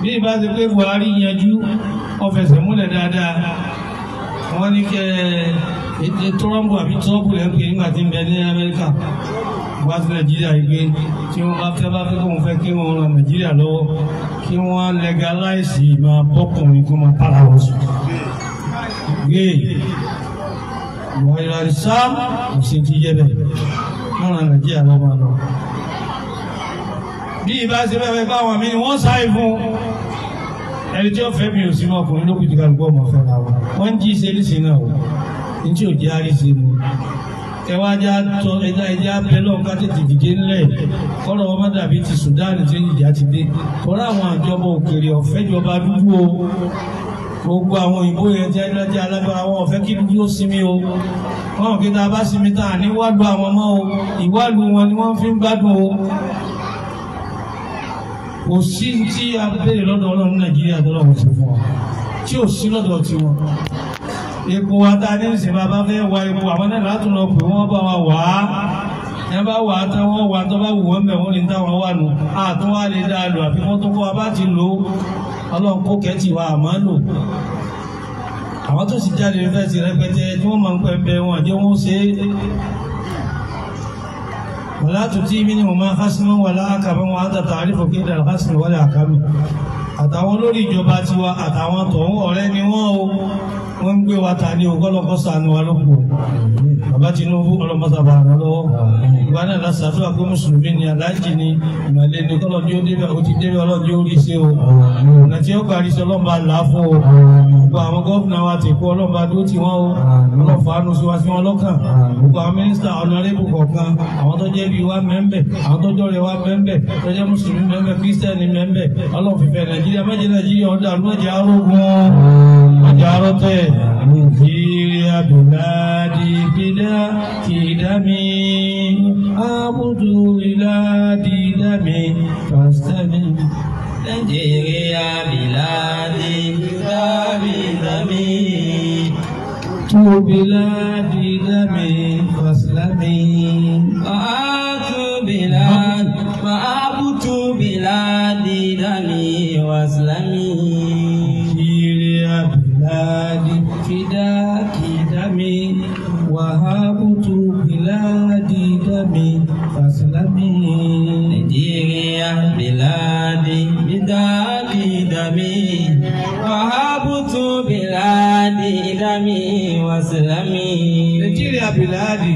bí ìbá ti pé Buhari yanjú ọfẹsẹ̀ múlẹ̀ dáadáa wọ́n ní kẹ́ eh, ètò Trump àbí Trump lẹ́gbẹ̀ẹ́ nígbà tí ń bẹ ní Amẹ́ríkà wá sí Nàìjíríà yìí pé tí wọ́n bá fẹ́ bá fẹ́ kó wọn fẹ́ kí wọ́n ran Nàìjíríà lọ́wọ́ kí wọ́n legalize máa bọ́kùnrin kó máa para wọn sùn. gbé wọ́n yára sá kò sí ti yẹ bẹ́ẹ̀ wọ́n ran Nàìjíríà lọ́wọ́ máa lọ bí ibà ṣe fẹ́ fẹ́ bá wọn mi ni wọ́n sáré fún ẹni tí ó fẹ́ mi ò sí mọ́ ọkùnrin ló kù ti kálukú ọmọ fẹ́ ra wọn wọ́n ń jí ṣe léṣe náà o ní tí ò jẹ́ àríṣe mu ẹ wá já tọ ẹja ẹja abẹ́lẹ̀ ọ̀ká tètè dìde ńlẹ̀ kọ́rọ̀ ọmọ dàbí ti Sudan tí ìjà ti dé kọ́rọ̀ àwọn àjọba òkèèrè ọ̀fẹ́jọba dúdú o gbogbo àwọn òyìnbó yẹn jẹ́ lọ́jọ́ alágbára wọn ò kí dúdú ó sinmi o wọn kí tá a bá sinmi tá a àwọn ọmọ o ìwádùn wọn ni wọ́n fi ń gbádùn o kò sí tí a béèrè lọ́dọ̀ ọlọ́run nàìjíríà tó lọ́wọ́ ti fún ọ tí ò sí lọ́dọ̀ ti wọn. epo ata ní ìsìn bàbá fẹ́ wa epo àwọn náà látún lọ pé wọ́n bá wa wà ẹ bá wà á tán wọ́n wà á tán bá wù wọ́n mẹ́ wọ́n lè ń táwọn wà nù àtún wà lè dáa lò àfi wọ́n tó kọ́ wa ti lò ó ọlọ́run kó kẹ́tì wa àmọ́ lò àwọn tó sì jáde fẹ́ ti rẹpẹtẹ tí wọ́n máa ń pẹ́ bẹ́ẹ̀ wọn àjẹ́ wọn ṣe é ولا تطيع منهما خصما ولا عقبا وأنت تعرف كيد الخصم ولا عقب àtàwọn olórí ìjọba tiwa àtàwọn tọ̀hún ọ̀rẹ́ ni wọ́n o wọ́n ń gbé wa ta ní ọgọ́lọ́gọ́ sànù wa lọ́pọ̀ bàbá Tinubu ọlọ́mọta bàbá wọn lọ́wọ́ ìgbà náà la ṣàdúrà pé mùsùlùmí ni aláàjì ni ìmàlẹ́ ni kọ́lọ́dí ó débẹ̀ ó ti débẹ̀ ọlọ́dí ó rí ṣe o ọ̀nà tí ó parí ṣe ọlọ́mọ àlàáfọ̀ o gbogbo àwọn gọ́ọ̀nà wa ti kó ọlọ́mọ adó tí wọ́n o ọlọ́fà ánú sí wa sí wọn lọ́kàn gbogbo àwọn mínísítà ọ̀nàrẹ́bù kọ̀ọ̀kan àwọn tó jẹ́ bí wa mẹ́ńbẹ̀ àwọn tó jọ̀rẹ̀ wa mẹ́ńbẹ̀ tó jẹ́ mùsùlùmí mẹ́ńbẹ̀ kírísítẹ́nì mẹ́ńbẹ̀ ọlọ́fìfẹ́ Nàìjíríà mẹ́jẹ Nàìjíríà ọ̀dà àlùmọ́jà arógun ọjà arótẹ́ẹ̀. بلادي فدا في دمي أعبد بلادي دمي فاستمع نجيريا بلادي فدا في دمي تو بلادي دمي فاسلمي Nigeria وسلامي نجيريا بلادي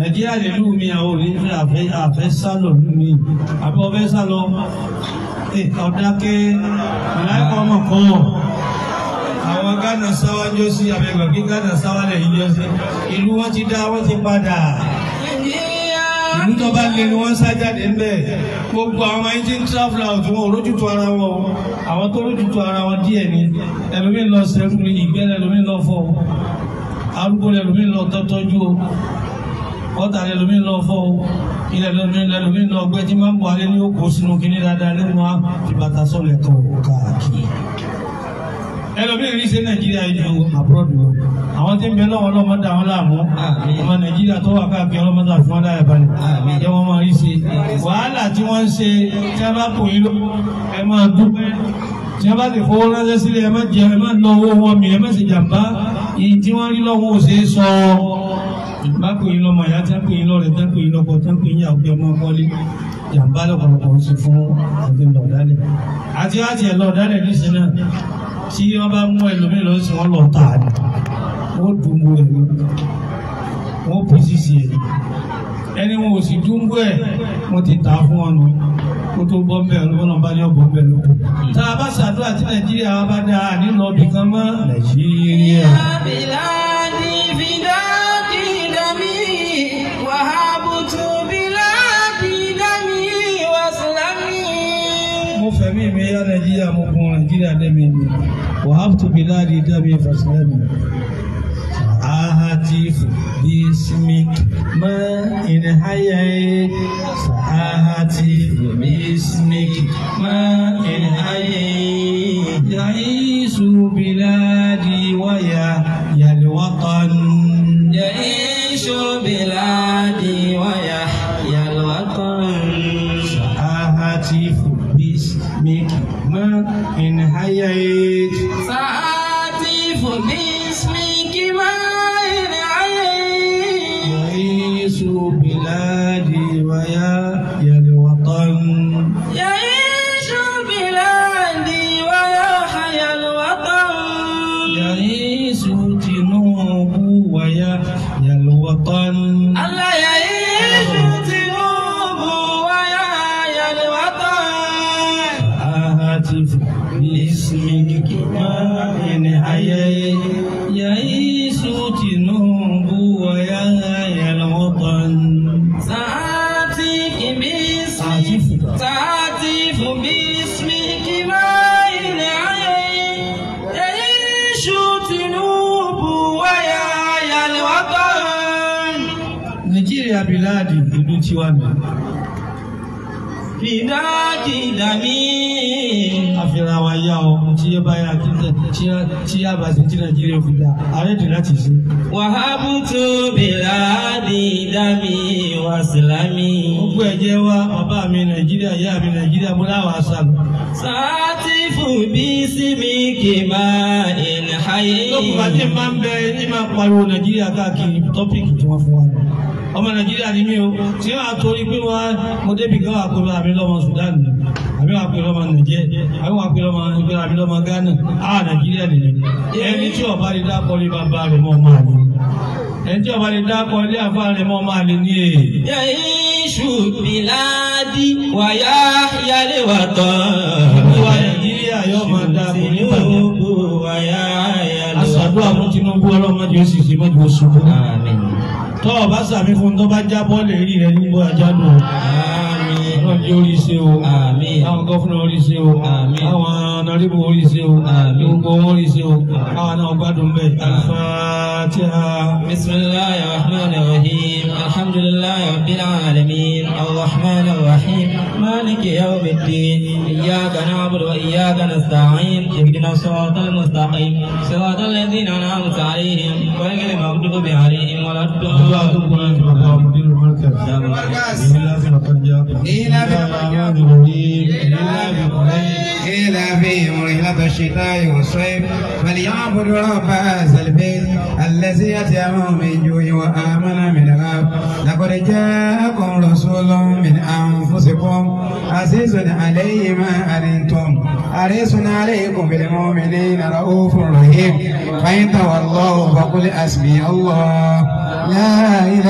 nàìjíríà nílù mi àwọn òní àfẹ àfẹ sálọ lù mí àbí ọfẹ sálọ eh, ọdákẹ ọláìkọ ọmọ kan àwọn gánà sáwájú sí abẹgbàgbé gánà sáwálẹ yìí lọ sí ìlú wọn ti dá wọn ti padà ìlú tó bá lé ni wọ́n ń sá jáde ń bẹ̀ gbogbo àwọn ẹni tí ń travel out wọn ò lójútu ara wọn o àwọn tó lójútu ara wọn díẹ̀ ni ẹlòmíín lọ sẹ́fún ni ìgbẹ́ ẹlòmíín lọ fọ́ arúgbó ẹlòmíín lọ tọ́tọ́jú o ọ̀tà ẹlòmíín lọ fọ́ o ilẹ̀ ẹlòmíín lọ gbẹ́ tí máa ń bọ̀ alẹ́ ní òkú sínú kínní dáadáa nínú àtibátà sọ̀lẹ̀ kan káàkiri ẹlòmíràn rí ṣe nàìjíríà yìí dùn àbúrọ̀dù àwọn tí ń bẹ lọ́wọ́ ọlọ́mọ dá wọn láàmú ọmọ nàìjíríà tó wà káàkiri ọlọ́mọ dá fún ọláyà balẹ̀ jẹ́ wọ́n máa rí ṣe wàhálà tí wọ́n ń ṣe tí wọ́n bá kò yín lọ ẹ máa dúpẹ́ tí wọ́n bá lè fowó ránṣẹ́ sílẹ̀ ẹ má jẹ ẹ má ná owó wọn mi ẹ má ṣe jàmbá èyí tí wọ́n rí lọ́wọ́ òṣè sọ bá kò yín jàmbá lọ́pọ̀lọpọ̀ ń ṣe fún àti lọ̀dálẹ̀ àti láti ẹ̀ lọ̀dálẹ̀ níṣẹ́ náà tí wọ́n bá mú ẹlòmíràn lọ sí wọn lọ tà á wọ́n dùnmù ẹ̀ wọ́n pèsè ẹ̀ ẹni wọn ò sì dùnmù ẹ̀ wọ́n ti tà fún wọn nù kó tó bọ́ mbẹ́ ọlọ́nà bá ní ọ̀bọ̀ mbẹ́ lóko. tá a bá ṣàdúrà tí nàìjíríà wa bá dáa nílò ọbì kan mọ́ nàìjíríà. bíláàdì bíláàdì dàmí mi yá nàìjíríà mo kún. العالمين مني وهبت بلادي دمي فاسلمي أهاتف باسمك ما إن حييت سأهاتف باسمك ما إن حييت يعيش بلادي ويا minha sí wa mi. Fìdájì dàmí. Àfihàn wa yá ọ, tí yẹ bá yá kí tí yá bá ṣe tí Nàìjíríà fi dá, ààrẹ dì láti ṣe. Wàhábù tó bèèrè àdì dàmí wà sílámì. Gbogbo ẹ̀jẹ̀ wa, bàbá mi Nàìjíríà, ìyá mi Nàìjíríà, mo láwàá sàlọ̀. Sáàtì fún bí sími kì máa ìlhàyè. Lọ́kùnrin àti máa ń bẹ ní máa pariwo Nàìjíríà káàkiri tọ́pìkì tí wọ́n fún wa ọmọ nàìjíríà ni mí o tí wàá torí pé wọn mo débi kan wà pẹ̀lú àmì lọ́mọ sudan àbí wàá pẹ̀lú ọmọ nàìjíríà àbí wàá pẹ̀lú ọmọ ìpínlẹ̀ àbí lọ́mọ ghana á nàìjíríà nìyẹn ẹni tí ọba lè dákọ ní bàbá rẹ̀ mọ máa ní ẹni tí ọba lè dákọ ní àfa rẹ̀ mọ máa ní ní èyí. yaiṣu biladi wàyà yálé wà tán. ìwà nàìjíríà yóò máa dáàbò nípa àṣàdúrà fún tinubu ọlọ́mọdé ó sì ṣe mọ́jú oṣù fún tọ́ ọ bá fún tó bá já bọ́ọ̀lù èrì rẹ nígbà àjálù o. náà jẹ́ orí ṣe o. àwọn gọ́fúnà orí ṣe o. àwọn ọ̀nàdìbò orí ṣe o. gbogbo orí ṣe o. àwọn náà gbádùn bẹ́ẹ̀. alifatiha. bisimilayi rahman rahim alhamdulilayi rabbil alamin arrahman rahim maliki yawmi din iyaka na'budu wa iyaka nasta'in ihdina siratal mustaqim siratal ladzina an'amta alaihim ghayril maghdubi alaihim الله تقبل الله مدير المركز إلى في القنجة إلى في القنجة إلى فيهم رحلة الشتاء والصيف فليعبدوا رب هذا البيت الذي أتيهم من جوع وآمن من غاب لقد جاءكم رسول من أنفسكم عزيز عليه ما أنتم حريص عليكم بالمؤمنين رؤوف رحيم فإن تولوا فقل حسبي الله Yeah, yeah.